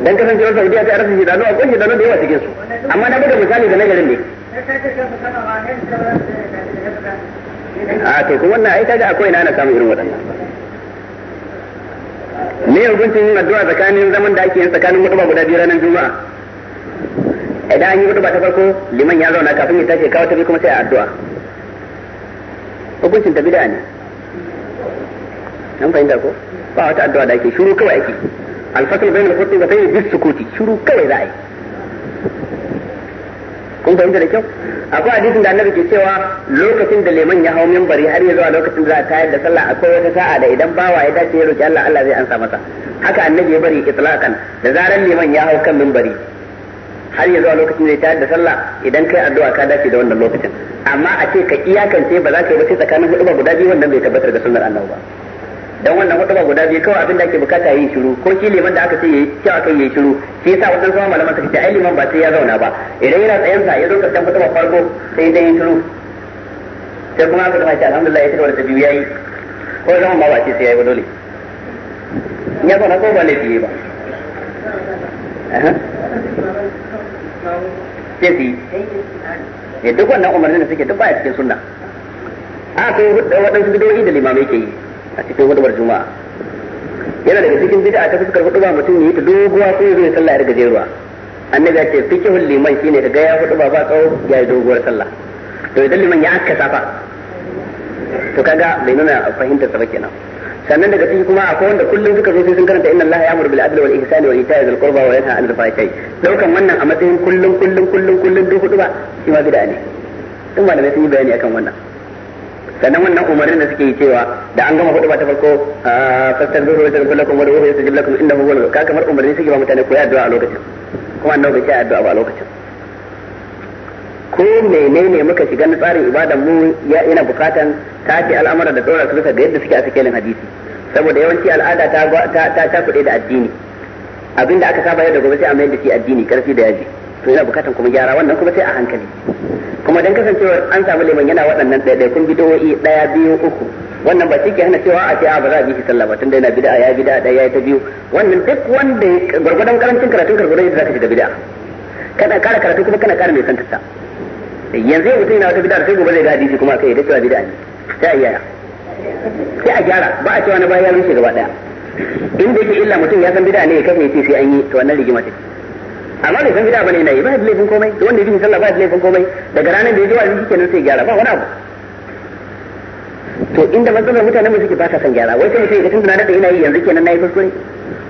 dan kasancewar saudiya sai arzikin dano akwai shi dano da yawa cikin su amma na buga misali da nagarin ne a to kuma wannan ai kaga akwai ina na samu irin waɗannan me ya gunci yin addu'a tsakanin zaman da ake yin tsakanin mutuba guda biyu ranar juma'a idan an yi mutuba ta farko liman ya zauna kafin ya tashi kawo ta biyu kuma sai a addu'a hukuncin ta bid'a ne an fahimta ko ba wata addu'a da ake shiru kawai ake alfasar alfatul bainal khutbatayn bisu sukuti shiru kawai za a yi kun fahimta da kyau akwai hadisin da annabi ke cewa lokacin da leman ya hau minbari har ya zuwa lokacin da za a tayar da sallah akwai wata sa'a da idan bawa ya dace ya roki Allah Allah zai ansa masa haka annabi ya bari itlaqan da zaran leman ya hau kan minbari har ya zuwa lokacin da ya tayar da sallah idan kai addu'a ka dace da wannan lokacin amma a ce ka iyakance ba za ka yi ba sai tsakanin hudu ba guda biyu wannan bai tabbatar da sunnar Allah ba dan wannan hutuba guda biyu kawai abin da ake bukata yayi shiru ko shi liman da aka ce yayi ce aka yayi shiru shi yasa wannan sama malaman suka ce ai liman ba sai ya zauna ba idan yana tsayen sa ya zo ka tabbata ba farko sai dai shiru sai kuma aka tafi alhamdulillah ya tafi da biyu yayi ko zama ma ba ce sai yayi ba dole ya zauna ko ba laifi ba sai sai yi eh, duk wannan umarnin da suke duk baya cikin sunna a kai waɗansu bidoyi da limamai ke yi a cikin hudubar juma'a yana daga cikin bid'a ta fuskar hudubar mutum ne ta doguwa ko zai sallah yar gajeruwa annabi ya ce fikihul liman shine daga ya hudu ba tsawo ya yi doguwar sallah to idan liman ya aka safa to kaga bai nuna fahimtar sa ba kenan sannan daga ciki kuma akwai wanda kullum suka zo sai sun karanta inna allaha ya'muru bil adli wal ihsani wal ita'i dhil qurba wa yanha 'anil fahsha'i daukan wannan a matsayin kullum kullum kullum kullum duk hudu ba shi ma bid'a ne in malamai sun yi bayani akan wannan sannan wannan umarnin da suke yi cewa da an gama hudu ba ta farko ah, fastan zuwa wajen kula kuma da wuhu yasjud kuma inda huwal ka kamar umarni suke ba mutane ko ya addu'a a lokacin kuma annabi bai addu'a ba a lokacin ko menene muka shiga na tsarin ibadan mu ya ina bukatan tafi al'amara da dora su bisa ga yadda suke a cikin hadisi saboda yawanci al'ada ta ta ta kuɗe da addini abinda aka saba yadda gobe sai a mayar da shi addini karfi da yaji to yana bukatan kuma gyara wannan kuma sai a hankali kuma dan kasancewar an samu liman yana waɗannan ɗaiɗaikun bid'o'i ɗaya biyu uku wannan ba shi ke hana cewa a ce a ba za a bi shi sallah ba tun da yana bid'a ya bid'a ɗaya ya ta biyu wannan duk wanda gwargwadon karancin karatun gurgurdan yadda zaka shiga bid'a kana kara karatu kuma kana kara mai santarta yanzu mutum yana wata bid'a sai gobe zai ga hadisi kuma kai da cewa bid'a ne sai a yaya sai a gyara ba a cewa na baya ya rushe gaba daya inda yake illa mutum ya san bid'a ne ya kasance sai an yi to wannan rigima take amma bai san bid'a bane yana yi ba da laifin komai da wanda yake sallah ba da laifin komai daga ranar da ya jiwa wa'azi shikenan sai gyara ba wani abu to inda matsalar mutanen mu suke ba sa san gyara wai sai mutum ya tun tunanin da yana yi yanzu kenan nayi kuskure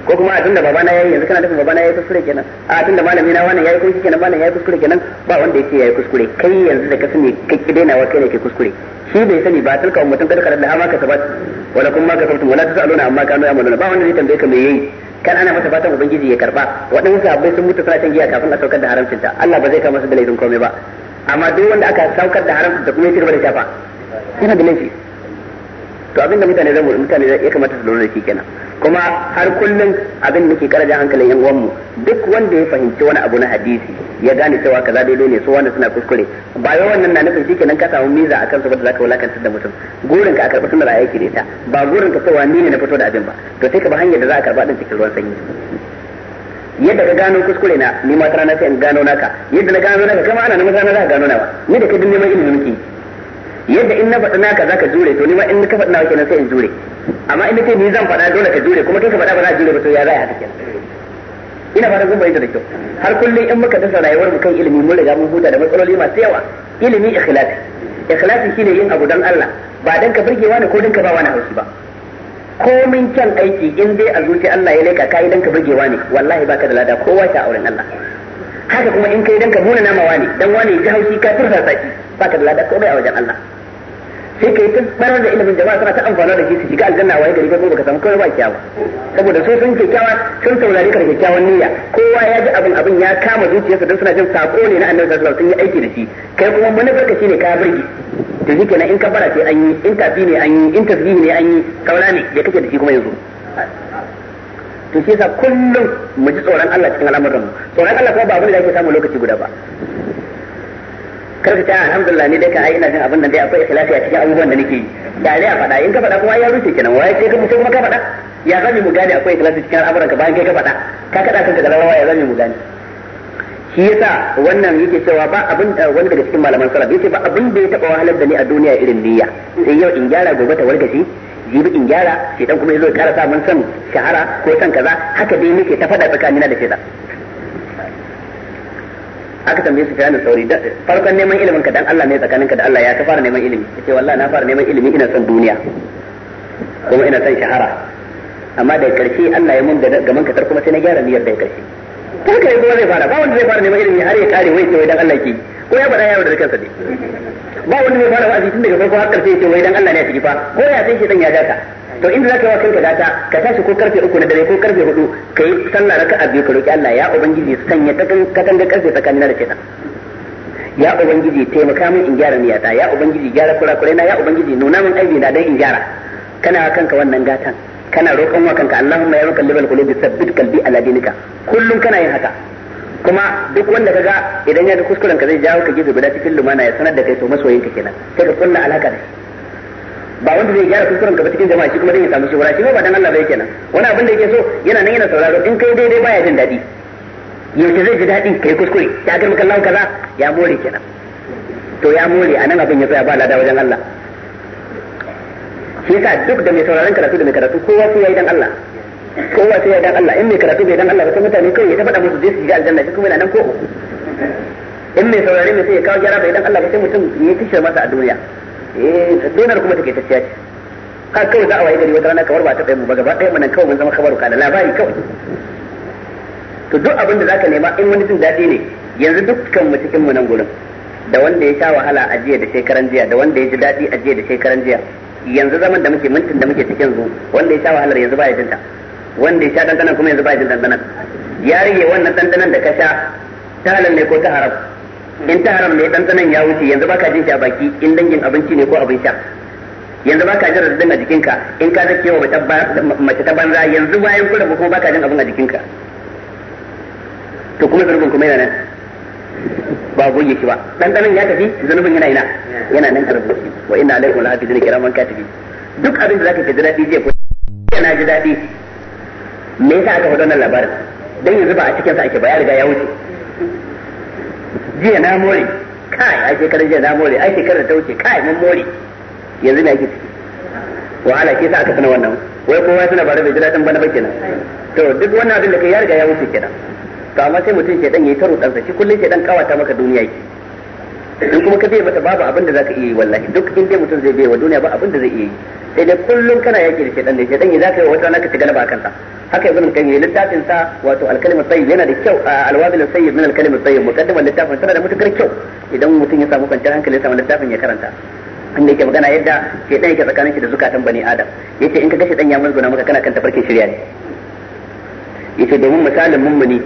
ko kuma a tunda babana yayi yanzu kana nufin babana yayi kuskure kenan a tunda malami na wannan yayi kuskure kenan ya yayi kuskure kenan ba wanda yake yayi kuskure kai yanzu da ka sani kai ki daina wa kai ne ke kuskure shi bai sani ba talka mutum kada kada da hama ka sabat wala kuma ka sabtu wala tasaluna amma kanu ya'maluna ba wanda zai tambaye ka me yayi kan ana mata fatan ubangiji ya karba waɗansu sahabbai sun mutu suna shan giya kafin a saukar da haramcin ta Allah ba zai kama su da laifin komai ba amma duk wanda aka saukar da haramcin ta kuma ya tirba da shafa yana da laifi to abinda mutane zan mutane ya kamata su lura da shi kenan kuma har kullum abin da ke karaja hankalin yan uwanmu duk wanda ya fahimci wani abu na hadisi ya gane cewa kaza dole ne su wanda suna kuskure ba yau wannan na nufin shikenan ka samu miza akan su ba da zaka wulakantar da mutum gurin ka a karɓi sunnar aiki da ta ba gurin ka cewa ni ne na fito da abin ba to sai ka ba hanyar da za a karɓa din cikin ruwan sanyi yadda ka gano kuskure na ni ma tana na sai in gano naka yadda na gano naka kama ana na mutane za a gano nawa ni da ka dun neman ilimin ke. yadda in na faɗi naka zaka jure to ni ma in ka faɗi naka kenan sai in jure amma in nace ni zan faɗa dole ka jure kuma kai ka faɗa ba za a jure ba to ya za a haka kenan ina fara zumba bayyana da kyau har kullum in muka dasa rayuwar mu kan ilimi mun riga mun huta da matsaloli masu yawa ilimi ikhlasi ikhlasi shine yin abu dan Allah ba dan ka burgewa ne ko dan ka ba wani haushi ba komin kyan aiki in dai a zuci Allah ya leka kai dan ka burgewa ne wallahi baka da lada kowa ta auren Allah haka kuma in kai dan ka muna namawa ne dan wani ya ji haushi ka tursa saki baka da lada komai a wajen Allah sai kai ta barar da ilimin jama'a suna ta amfana da shi su shiga aljanna waye gari ka baka samu kawai ba kyawu saboda su sun kyakkyawa sun taurari ka kyakkyawan niyya kowa ya ji abin abin ya kama zuciyarsa don suna jin sako ne na annabi sallallahu alaihi sun yi aiki da shi kai kuma manufar ka shine ka burge to shi kenan in bara sai an yi in tafi ne an yi in tasbihi ne an yi kaura ne ya kake da shi kuma yanzu to shi yasa kullum mu ji tsoron Allah cikin al'amuran mu tsoron Allah kuma ba abin da ake samu lokaci guda ba karfi ta alhamdulillah ni dai ka aina ina jin abin da dai akwai ikhlasi a cikin abubuwan da nake yi da dai a faɗa in ka faɗa kuma ya rufe kenan waye sai kuma sai kuma ka faɗa ya zami mu gane akwai ikhlasi cikin al'amuranka bayan kai ka faɗa ka kada kanka da rawa ya zami mu gane shi yasa wannan yake cewa ba abin eh, wani daga cikin malaman salaf yake ba abin da ya taba wahalar da ni a duniya irin niyya sai yau in gyara gobe ta wargashi jibi in gyara dan kuma yazo ya karasa mun san shahara ko san kaza haka dai nake ta faɗa tsakanina da shedan aka tambaye su fiyanin sauri farkon neman ilimin ka dan Allah ne tsakaninka da Allah ya ta fara neman ilimi yace wallahi na fara neman ilimi ina son duniya kuma ina son shahara amma da karshe Allah ya mun da gaman katar kuma sai na gyara niyyar da karshe ta haka yanzu zai fara ba wanda zai fara neman ilimi har ya kare wai sai dan Allah ke ko ya bada yawo da kansa ne ba wanda zai fara wa'azi tun daga farko har karshe yace wai dan Allah ne ya tafi fa ko ya san shi dan ya jata to inda zaka wa kanka data ka tashi ko karfe uku na dare ko karfe hudu ka yi sallah a biyu ka roki Allah ya ubangiji sanya katanga karfe tsakanina da shaitan ya ubangiji taimaka min in gyara niyata ya ubangiji gyara kurakurai na ya ubangiji nuna min aibi na dan in gyara kana kanka wannan gatan kana roƙon wa kanka Allahumma ya libal qulubi tsabbit qalbi ala dinika kullum kana yin haka kuma duk wanda kaga idan ya ga kuskuren ka zai jawo ka gizo guda cikin lumana ya sanar da kai to masoyinka kenan sai ka kunna alaka da shi ba wanda zai gyara kuskuren ka ba cikin jama'a shi kuma zai samu shawara shi ba dan Allah ba kenan wani abin da yake so yana nan yana sauraro in kai daidai baya jin daɗi yaushe zai ji daɗi kai kuskure ya girma Allah kaza ya more kenan to ya more a abin ya tsaya ba lada wajen Allah shi ka duk da mai sauraron karatu da mai karatu kowa sai yayi dan Allah kowa sai yayi dan Allah in mai karatu bai dan Allah ba sai mutane kai ya ta faɗa musu zai su shiga aljanna shi kuma yana nan ko in mai saurare mai sai ya kawo gyara bai dan Allah ba sai mutum ya tishe masa a duniya eh donar kuma take tafiya ce ka kawai za a waye gari wata rana kamar ba ta tsaye mu ba gaba ɗaya nan kawai mun zama kabaru kana labari kawai to duk abin da zaka nema in wani jin daɗi ne yanzu dukkan mu cikin mu nan gurin da wanda ya sha wahala a jiya da shekaran jiya da wanda ya ji daɗi a jiya da shekaran jiya yanzu zaman da muke mintin da muke cikin zu wanda ya sha wahalar yanzu ba ya jinta wanda ya sha dandanan kuma yanzu ba ya jin dandanan ya rage wannan dandanan da ka sha ta halal ne ko ta haram in ta haram ne ɗanɗanon ya wuce yanzu baka jin shi a baki in dangin abinci ne ko abin sha yanzu baka jin radadin a jikinka in ka zake wa mace ta banza yanzu bayan kura kuma baka jin abin a jikinka to kuma zunubin kuma yana nan ba goge shi ba ɗanɗanon ya tafi zunubin yana ina yana nan shi wa inna alaikum lahafizina kiraman katibi duk abin da zaka ji daɗi jiya ko yana ji daɗi me yasa aka faɗa wannan labarin dan yanzu ba a cikin sa ake ba ya riga ya wuce jiya na more kai ai shekarar jiya na more ai shekarar ta wuce kai mun more yanzu me ake ciki ala ke sa aka sanar wannan wai kowa suna bare bai jira tan bana ba kenan to duk wannan abin da kai ya riga ya wuce kenan to amma sai mutum dan yayi taro dan sa shi kullun dan kawata maka duniya yake in kuma ka biye mata babu abin da zaka iya yi wallahi duk in dai mutum zai biye wa duniya ba abin da zai iya yi sai dai kullum kana yaki da shedan ne shedan ya zaka yi wata naka ci galaba akan sa haka ibn kan yi littafin sa wato al-kalimu tayyib yana da kyau al-wabil sayyid min al-kalimu tayyib muqaddimar littafin tana da mutukar kyau idan mutum ya samu kwanciyar hankali ya samu littafin ya karanta inda yake magana yadda shedan yake tsakanin shi da zukatan bani adam yace in ka gashi shedan ya mulguna maka kana kan tafarkin shirya ne yace domin misalin mummuni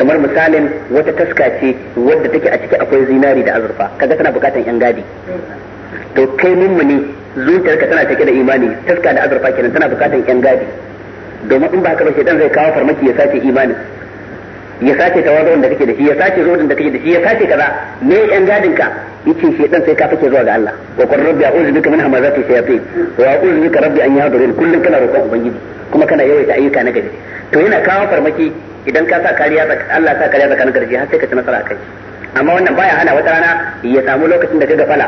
kamar misalin wata taska ce wadda take a ciki akwai zinari da azurfa kaga tana bukatan yan gadi to kai mummuni zuciyarka tana cike da imani taska da azurfa kenan tana bukatan yan gadi domin in ba ka ba shedan zai kawo farmaki ya sace imanin ya sace tawazu'un da kake da shi ya sace zuwan da kake da shi ya sace kaza me yan gadin ka yace shedan sai ka fake zuwa ga Allah wa qur rabbi a'udhu bika min hamazati shayatin wa a'udhu bika rabbi an yahdurun kullun kana roƙon ubangiji kuma kana yawaita ayyuka na gari to yana kawo farmaki idan ka sa kariya Allah sa kariya tsakanin garji har sai ka ci nasara a kai amma wannan baya hana wata rana ya samu lokacin da ka gafala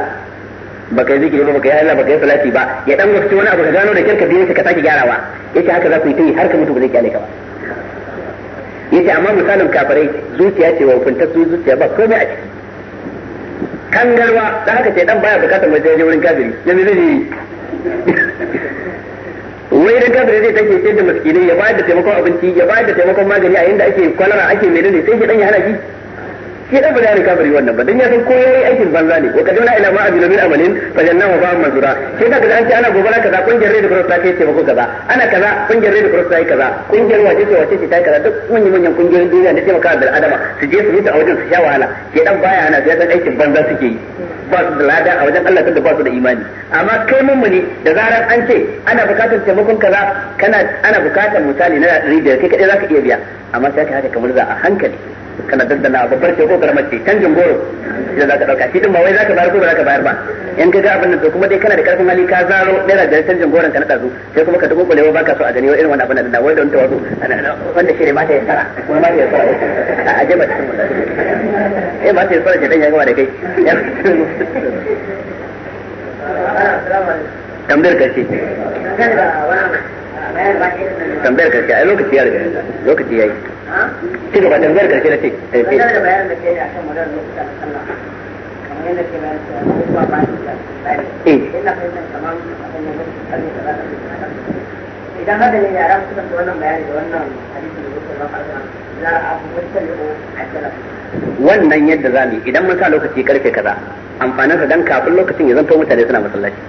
baka yi zikiri ba baka yi Allah baka yi salati ba ya dan wasu wani abu ka gano da kirka biye ka sake gyarawa yace haka za ku yi ta yi har ka mutu ba zai kyale ka ba yace amma misalin kafirai zuciya ce wa hukunta su zuciya ba komai a ciki kangarwa da haka ce dan baya bukatar mai je wurin kafiri yanzu zai yi wai da kafir zai take ce da maskilai ya bayar da taimakon abinci ya bayar da taimakon magani a da ake kwalara ake menene sai shi dan ya hana shi shi dai ba zai kafiri wannan ba dan ya san ko yayi aikin banza ne wa kaduna ila ma ajilu min amalin fajannahu mazura manzura sai ga an ce ana gobara kaza kungiyar Red Cross ta kai ce mako kaza ana kaza kungiyar Red Cross ta yi kaza kungiyar wace ce wace ce ta yi kaza duk mun yi manyan kungiyoyin duniya da taimaka bil adama su je su mutu a wajen su sha wahala ke dan baya ana sai dan aikin banza suke yi ba su da lada a wajen Allah tunda ba su da imani amma kai muni da zarar an ce ana bukatar taimakon kaza kana ana bukatar misali na 100 kai kadai zaka iya biya amma sai ka haka kamar za a hankali kana daddana babbar ce ko karamar ce canjin goro da za ka dauka shi din ba wai za ka bayar ko ba za ka bayar ba in ka ga abin da to kuma dai kana da karfin hali ka zaro naira da canjin goron ka na dazu sai kuma ka dubo kulewa ka so a gani irin wani abin nan wai don tawazu wanda shi ne mata ya tsara kuma mata ya tsara a aje ba eh mata ya sara ce dan ya gama da kai tambayar karshe tambayar karshe a lokaci ya riga lokaci ya yi ci gaba da zai karshe da ce eh, karshe da eh. bayanin da kai akan madar lokutan sallah kamar yadda ke bayan cewa ba shi da tsari ina fahimtar kamar abin da zai tsari da za ka idan har da ne yara suka ci wannan bayani da wannan hadisi da zai ba farka za a abubuwan a jira wannan yadda za mu idan mun sa lokaci karfe kaza amfanin sa dan kafin lokacin ya zanto mutane suna masallaci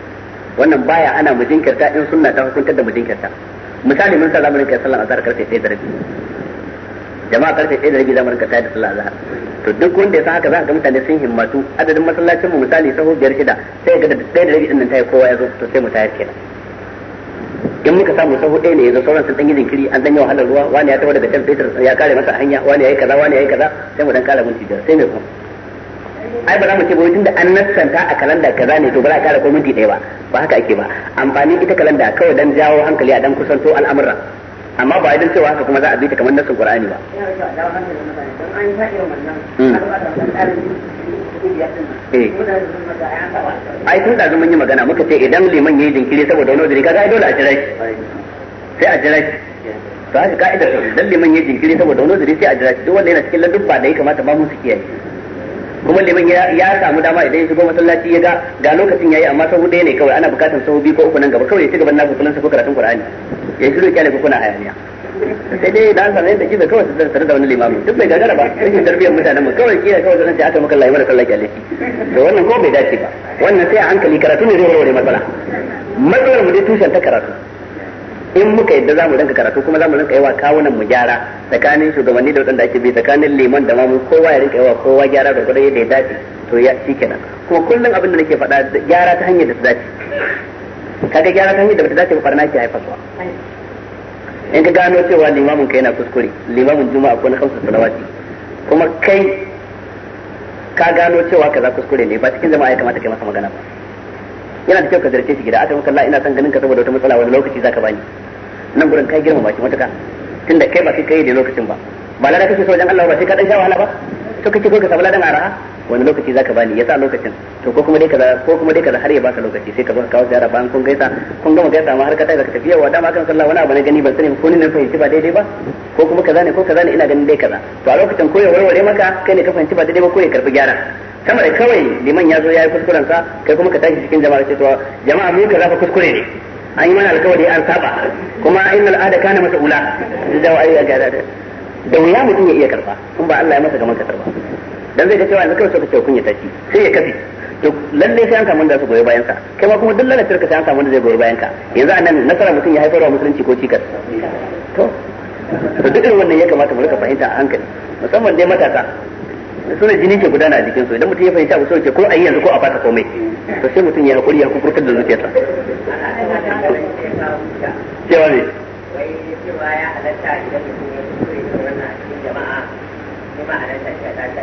wannan baya ana mu jinkirta in sunna ta hukuntar da mu jinkirta misali mun sa zamu rinka sallan azhar karfe 1 da rabi jama'a karfe ɗaya da rage zamanin ka da sallah azhar to duk wanda ya san haka za ga mutane sun himmatu adadin masallacin mu misali sahu biyar shida sai ga da ɗaya da rage din nan tayi kowa ya zo to sai mu tayar kenan in muka samu sahu ɗaya ne ya zo sauran sun dan yi jinkiri an dan yi wahalar ruwa wani ya tafi daga can fetur ya kare masa hanya wani ya yi kaza wani ya yi kaza sai mu dan kala minti biyar sai mai kuma ai ba za mu ce ba tunda an nassanta a kalanda kaza ne to ba za a kara ko minti ɗaya ba ba haka ake ba amfani ita kalanda kawai dan jawo hankali a dan kusanto al'amuran amma ba idan cewa haka kuma za a bi ta kamar nasin qur'ani ba eh. ai tun da mun yi magana muka ce idan liman yayi jinkiri saboda wani wajen kaga ai dole a jira shi sai a jira shi to haka ka'idar idan liman yayi jinkiri saboda wani wajen sai a jira shi duk wanda yana cikin ladubba da ya kamata ba mu su kiyaye kuma liman ya samu dama idan ya shigo masallaci ya ga ga lokacin yayi amma sahu ɗaya ne kawai ana bukatar sahu biyu ko uku nan gaba kawai ya ci gaban na fulansa ko karatun qur'ani ya shiru kyale ko kuna hayaniya sai dai da an samu yadda kiza kawai su tare da wani limami duk bai gagara ba rashin tarbiyyar mutanen mu kawai kiyaye kawai sanan sai aka maka Allah ya mara kallaki alaki to wannan ko bai dace ba wannan sai a hankali karatu ne zai warware matsala matsalar mu dai tushen ta karatu in muka yadda mu rinka karatu kuma za mu rinka yawa kawunan mu gyara tsakanin shugabanni da waɗanda ake bi tsakanin liman da mamu kowa ya rinka yawa kowa gyara da gudun yadda ya dace to ya shikenan kuma kullum abin da nake faɗa gyara ta hanyar da ta dace kaga gyara kan hanyar da bata dace ba barna ke haifarwa in ka gano cewa limamin ka yana kuskure limamin juma'a ko na kamsa salawati kuma kai ka gano cewa kaza kuskure ne ba cikin jama'a ya kamata kai masa magana ba yana da kyau ka zarce shi gida aka maka Allah ina son ganin ka saboda wata matsala wani lokaci zaka bani nan gurin kai girma shi matuka tunda kai ba kai kai da lokacin ba ba lada kake so wajen Allah ba sai ka dan sha wahala ba to kake ko ka samu ladan araha wani lokaci za ka bani ya sa lokacin to ko kuma dai kaza ko kuma dai kaza har ya baka lokaci sai ka baka kawo ziyara bayan kun gaisa kun gama gaisa ma har ka tafi ka tafi yawa dama kan sallah wani abu na gani ban sani ko ni na fahimci ba daidai ba ko kuma kaza ne ko kaza ne ina ganin dai kaza to a lokacin ko ya warware maka kai ne ka fahimci ba daidai ba ko ya karbi gyara sama da kawai liman ya zo ya yi kuskuren sa kai kuma ka tashi cikin jama'a ce to jama'a mu kaza fa kuskure ne an yi mana alkawari an saba kuma inna al'ada kana ula da wuya mutum ya iya karba in ba Allah ya masa gaman ka karba dan zai ga cewa yanzu kawai sai kun kunya tashi sai ya kafi to lalle sai an samu wanda su goyi bayan ka kai ma kuma duk lalatar sai an samu wanda zai goyi bayan ka yanzu anan nasara mutum ya haifarwa musulunci ko cikas to to duk irin wannan ya kamata mu rika fahimta a hankali musamman dai matasa suna jini ke gudana a jikin su idan mutum ya fahimta abu sauke ko a yi yanzu ko a fata komai to sai mutum ya hakuri ya kukurtar da zuciyarsa cewa ne cewa ya halatta idan mutum ya kuskure da wannan jama'a ne ba halatta shi a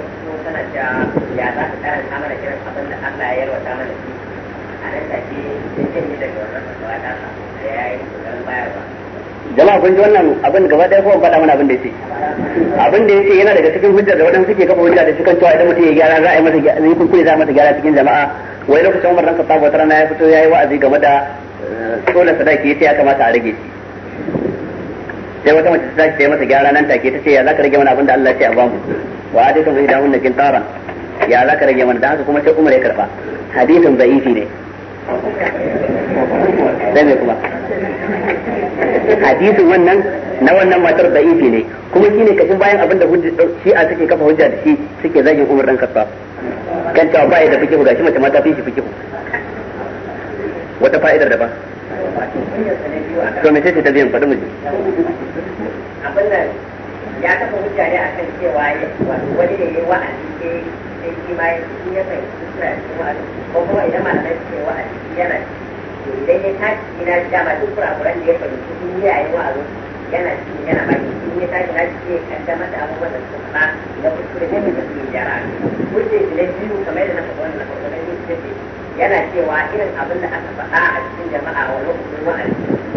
ka fito kana ya za ka karanta mana irin abin da Allah ya yarwata mana shi a nan take sai janye daga wannan fatawa ta da ya yi kokarin bayarwa jama'a kun ji wannan abin gaba ɗaya kuma faɗa mana abin da yake abin da yake yana daga cikin hujjar da waɗanda suke kafa hujja da shi cewa idan mutum ya gyara za a yi masa gyara zai kuskure za a masa gyara cikin jama'a wai lokacin umar ranka sabuwa rana ya fito ya yi wa'azi game da eh, tsola sadaki ya ce ya kamata a rage shi sai wata mace ta ce masa gyara nan take ta ce ya za ka rage mana abin da Allah ya ce a bamu wa adaita zai na nakin tsara ya za ka rage mana da haka kuma sai umar ya karba hadisin za'ifi ne dai me kuma hadisin wannan na wannan matar za'ifi ne kuma shine kashin bayan abin da shi a suke kafa hujja da shi suke zagin umar dan karfa kan cewa ba da fikihu gashi mace mata fi shi fikihu wata fa'idar da ba to me ce ta biyan faɗi mu ji ya kafa mutane a akan cewa wani ne ya wa'azi ke eh, sai eh, shi ma shi ya fahimci suna cikin wa'azi ko kuma idan malamai ce wa'azi yana to idan ya tashi ina dama duk kurakuran da ya su sun yi yayin wa'azi yana ci yana ba. in ya tashi na ce kaddamar da abubuwan da suka faɗa da kuskure ne jara tafiye ce hujja ne biyu kamar yadda na faɗa wannan na faɗa ce. yana cewa irin abin da aka faɗa a cikin jama'a wa kuma wa'azi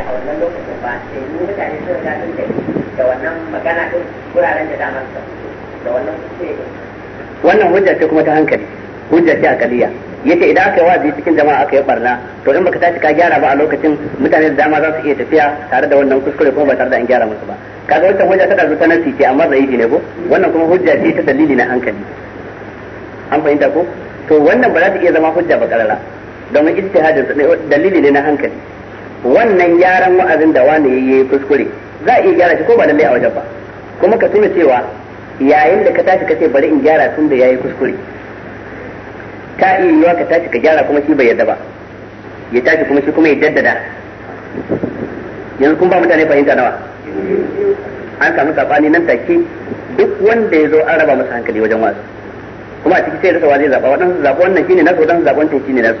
a wannan lokacin ba sai mu mutane sun riga sun da wannan magana din wuraren da dama su da wannan kuskure wannan hujja ce kuma ta hankali hujja ce akaliya yace idan aka yi wazi cikin jama'a aka yi barna to in baka tashi ka gyara ba a lokacin mutane da dama za su iya tafiya tare da wannan kuskure kuma ba tare da an gyara musu ba kaga wannan hujja ta karbi ta nasi ce amma zaifi ne ko wannan kuma hujja ce ta dalili na hankali an fahimta ko to wannan ba za ta iya zama hujja ba karara domin ijtihadin dalili ne na hankali wannan yaran wa'azin da wani yayi kuskure za a iya gyara shi ko ba lallai a wajen ba kuma ka tuna cewa yayin da ka tashi ka ce bari in gyara tun da yayi kuskure ta iya yiwa ka tashi ka gyara kuma shi bai yadda ba ya tashi kuma shi kuma ya daddada yanzu kun ba mutane fahimta nawa an samu sabani nan take duk wanda ya zo an raba masa hankali wajen wasu kuma a ciki sai rasa wa zai zaɓa waɗansu zaɓa wannan shine nasu waɗansu zaɓa wancan shine nasu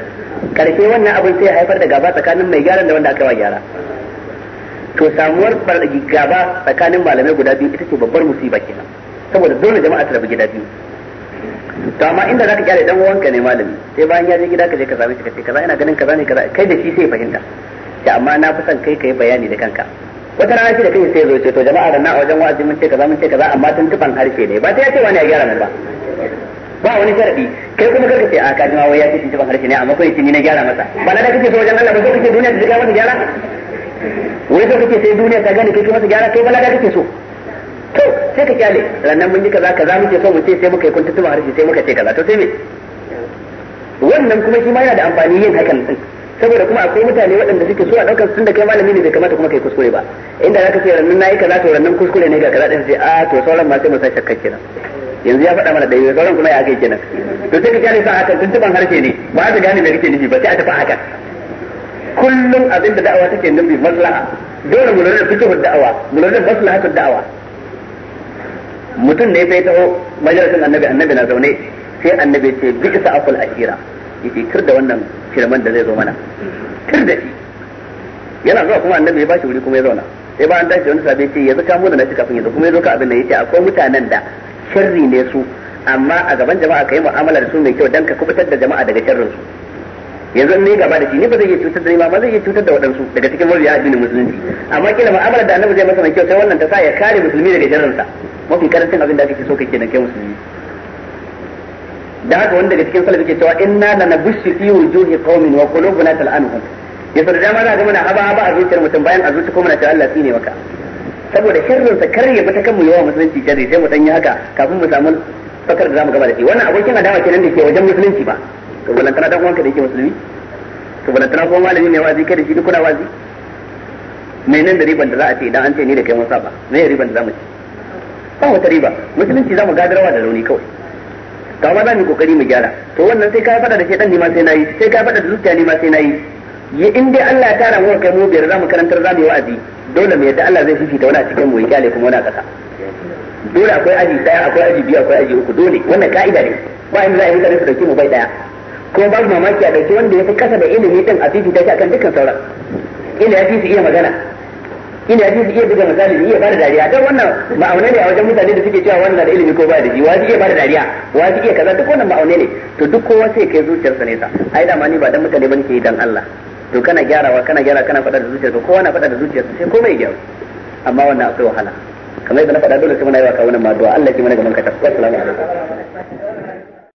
karfe wannan abin sai ya haifar da gaba tsakanin mai gyaran da wanda aka wa gyara to samuwar gaba tsakanin malamai guda biyu ita ce babbar musiba kenan saboda dole jama'a ta rabu gida biyu to amma inda zaka kyale dan uwanka ne malami sai bayan ya je gida ka je ka same shi ka ce kaza ina ganin kaza ne kaza kai da shi sai fahimta ya amma na fi son kai kai bayani da kanka wata rana shi da kai sai zo ce to jama'a ranna na a wajen wa'azi mun ce kaza mun ce kaza amma tun tufan harshe ne ba sai ya ce wani ya gyara ne ba ba wani sharadi kai kuma karka ce a kaji ma wai ya ce shi ban harshe ne amma kai ce ni na gyara masa ba na da kake so wajen Allah ba so kake duniya ta ga masa gyara wai so kake sai duniya ta gane kai kuma masa gyara kai ba na da kake so to sai ka kyale rannan mun yi kaza kaza muke so mu ce sai muka yi kuntutuma harshe sai muka ce kaza to sai me wannan kuma shi ma yana da amfani yin hakan din saboda kuma akwai mutane waɗanda suke so a ɗaukar sun da kai malami ne bai kamata kuma kai kuskure ba inda ka ce rannan yi kaza to rannan kuskure ne ga kaza ɗin sai a to sauran ma sai mu sa shakkar kenan yanzu ya faɗa mana da yau sauran kuma ya kai kenan to sai ka gane sa hakan tuntuban harshe ne ba za gane me kake nufi ba sai a tafi hakan kullum abin da da'awa take nufi maslaha dole mu lura da da'awa mu lura maslaha ta da'awa mutum ne bai taho majalisin annabi annabi na zaune sai annabi ce bi isa akul akira yace kir da wannan firman da zai zo mana kir da shi yana zuwa kuma annabi ya bashi wuri kuma ya zauna sai ba an tashi wani sabai ce yanzu ka mu na shi kafin yanzu kuma ya zo ka abin da yace akwai mutanen da sharri ne su amma a gaban jama'a kai mu'amala da su mai kyau dan ka kubutar da jama'a daga sharrin su yanzu ne gaba da shi ni ba zai iya cutar da ni ba zai iya cutar da waɗansu daga cikin mabiya addinin musulunci amma kila mu'amala da annabi zai masa mai kyau sai wannan ta sa ya kare musulmi daga sharrin sa mafi karancin abin da kake so kake nan kai musulmi da haka wanda daga cikin salafi ke cewa inna la nabushu fi wujuhi qaumin wa qulubuna tal'anuhum yasa da dama za ga muna haba haba a zuciyar mutum bayan a zuci ko muna ta Allah ne maka saboda sharrin sa kar ya fita ta kan mu yawa musulunci sharri sai mu dan yi haka kafin mu samu fakar da zamu gaba da shi wannan abokin adawa kenan da ke wajen musulunci ba to balantana dan uwanka da yake musulmi to tana ko malami ne wazi kai da shi duk kuna wazi menene da riban da za a ce idan an ce ni da kai mun saba me riban da zamu ci ba wata riba musulunci zamu gadarwa da rauni kawai to amma za mu kokari mu gyara to wannan sai ka faɗa da shedan ni ma sai nayi sai ka faɗa da zuciya ni ma sai nayi ya in dai Allah ya tara muka kai mu biyar zamu karantar zamu yi wa'azi dole mu yadda Allah zai fifita wani a cikin mu ya kyale kuma wani a ƙasa dole akwai aji daya akwai aji biyu akwai aji uku dole wannan ka'ida ne ba in za a yi mutane su dauki mu bai daya kuma babu mamaki a dauki wanda ya fi kasa da ilimi din a fifita shi akan dukkan sauran ina ya fi su iya magana ina ya fi su iya buga misali iya bada dariya don wannan ma'aune ne a wajen mutane da suke cewa wannan da ilimi ko ba da ji wa iya bada dariya wa iya kaza duk wannan ma'aune ne to duk kowa sai kai zuciyarsa sa ai da ma ni ba dan mutane bane ke dan Allah to kana gyarawa kana gyara kana faɗa da zuciyarka kowa na faɗa da zuciyarsa sai komai gyaru amma wannan akwai wahala kamar yadda na faɗa dole sai muna yi wa kawunan ma addu'a Allah ya ji mana gaban ka tabbata assalamu alaikum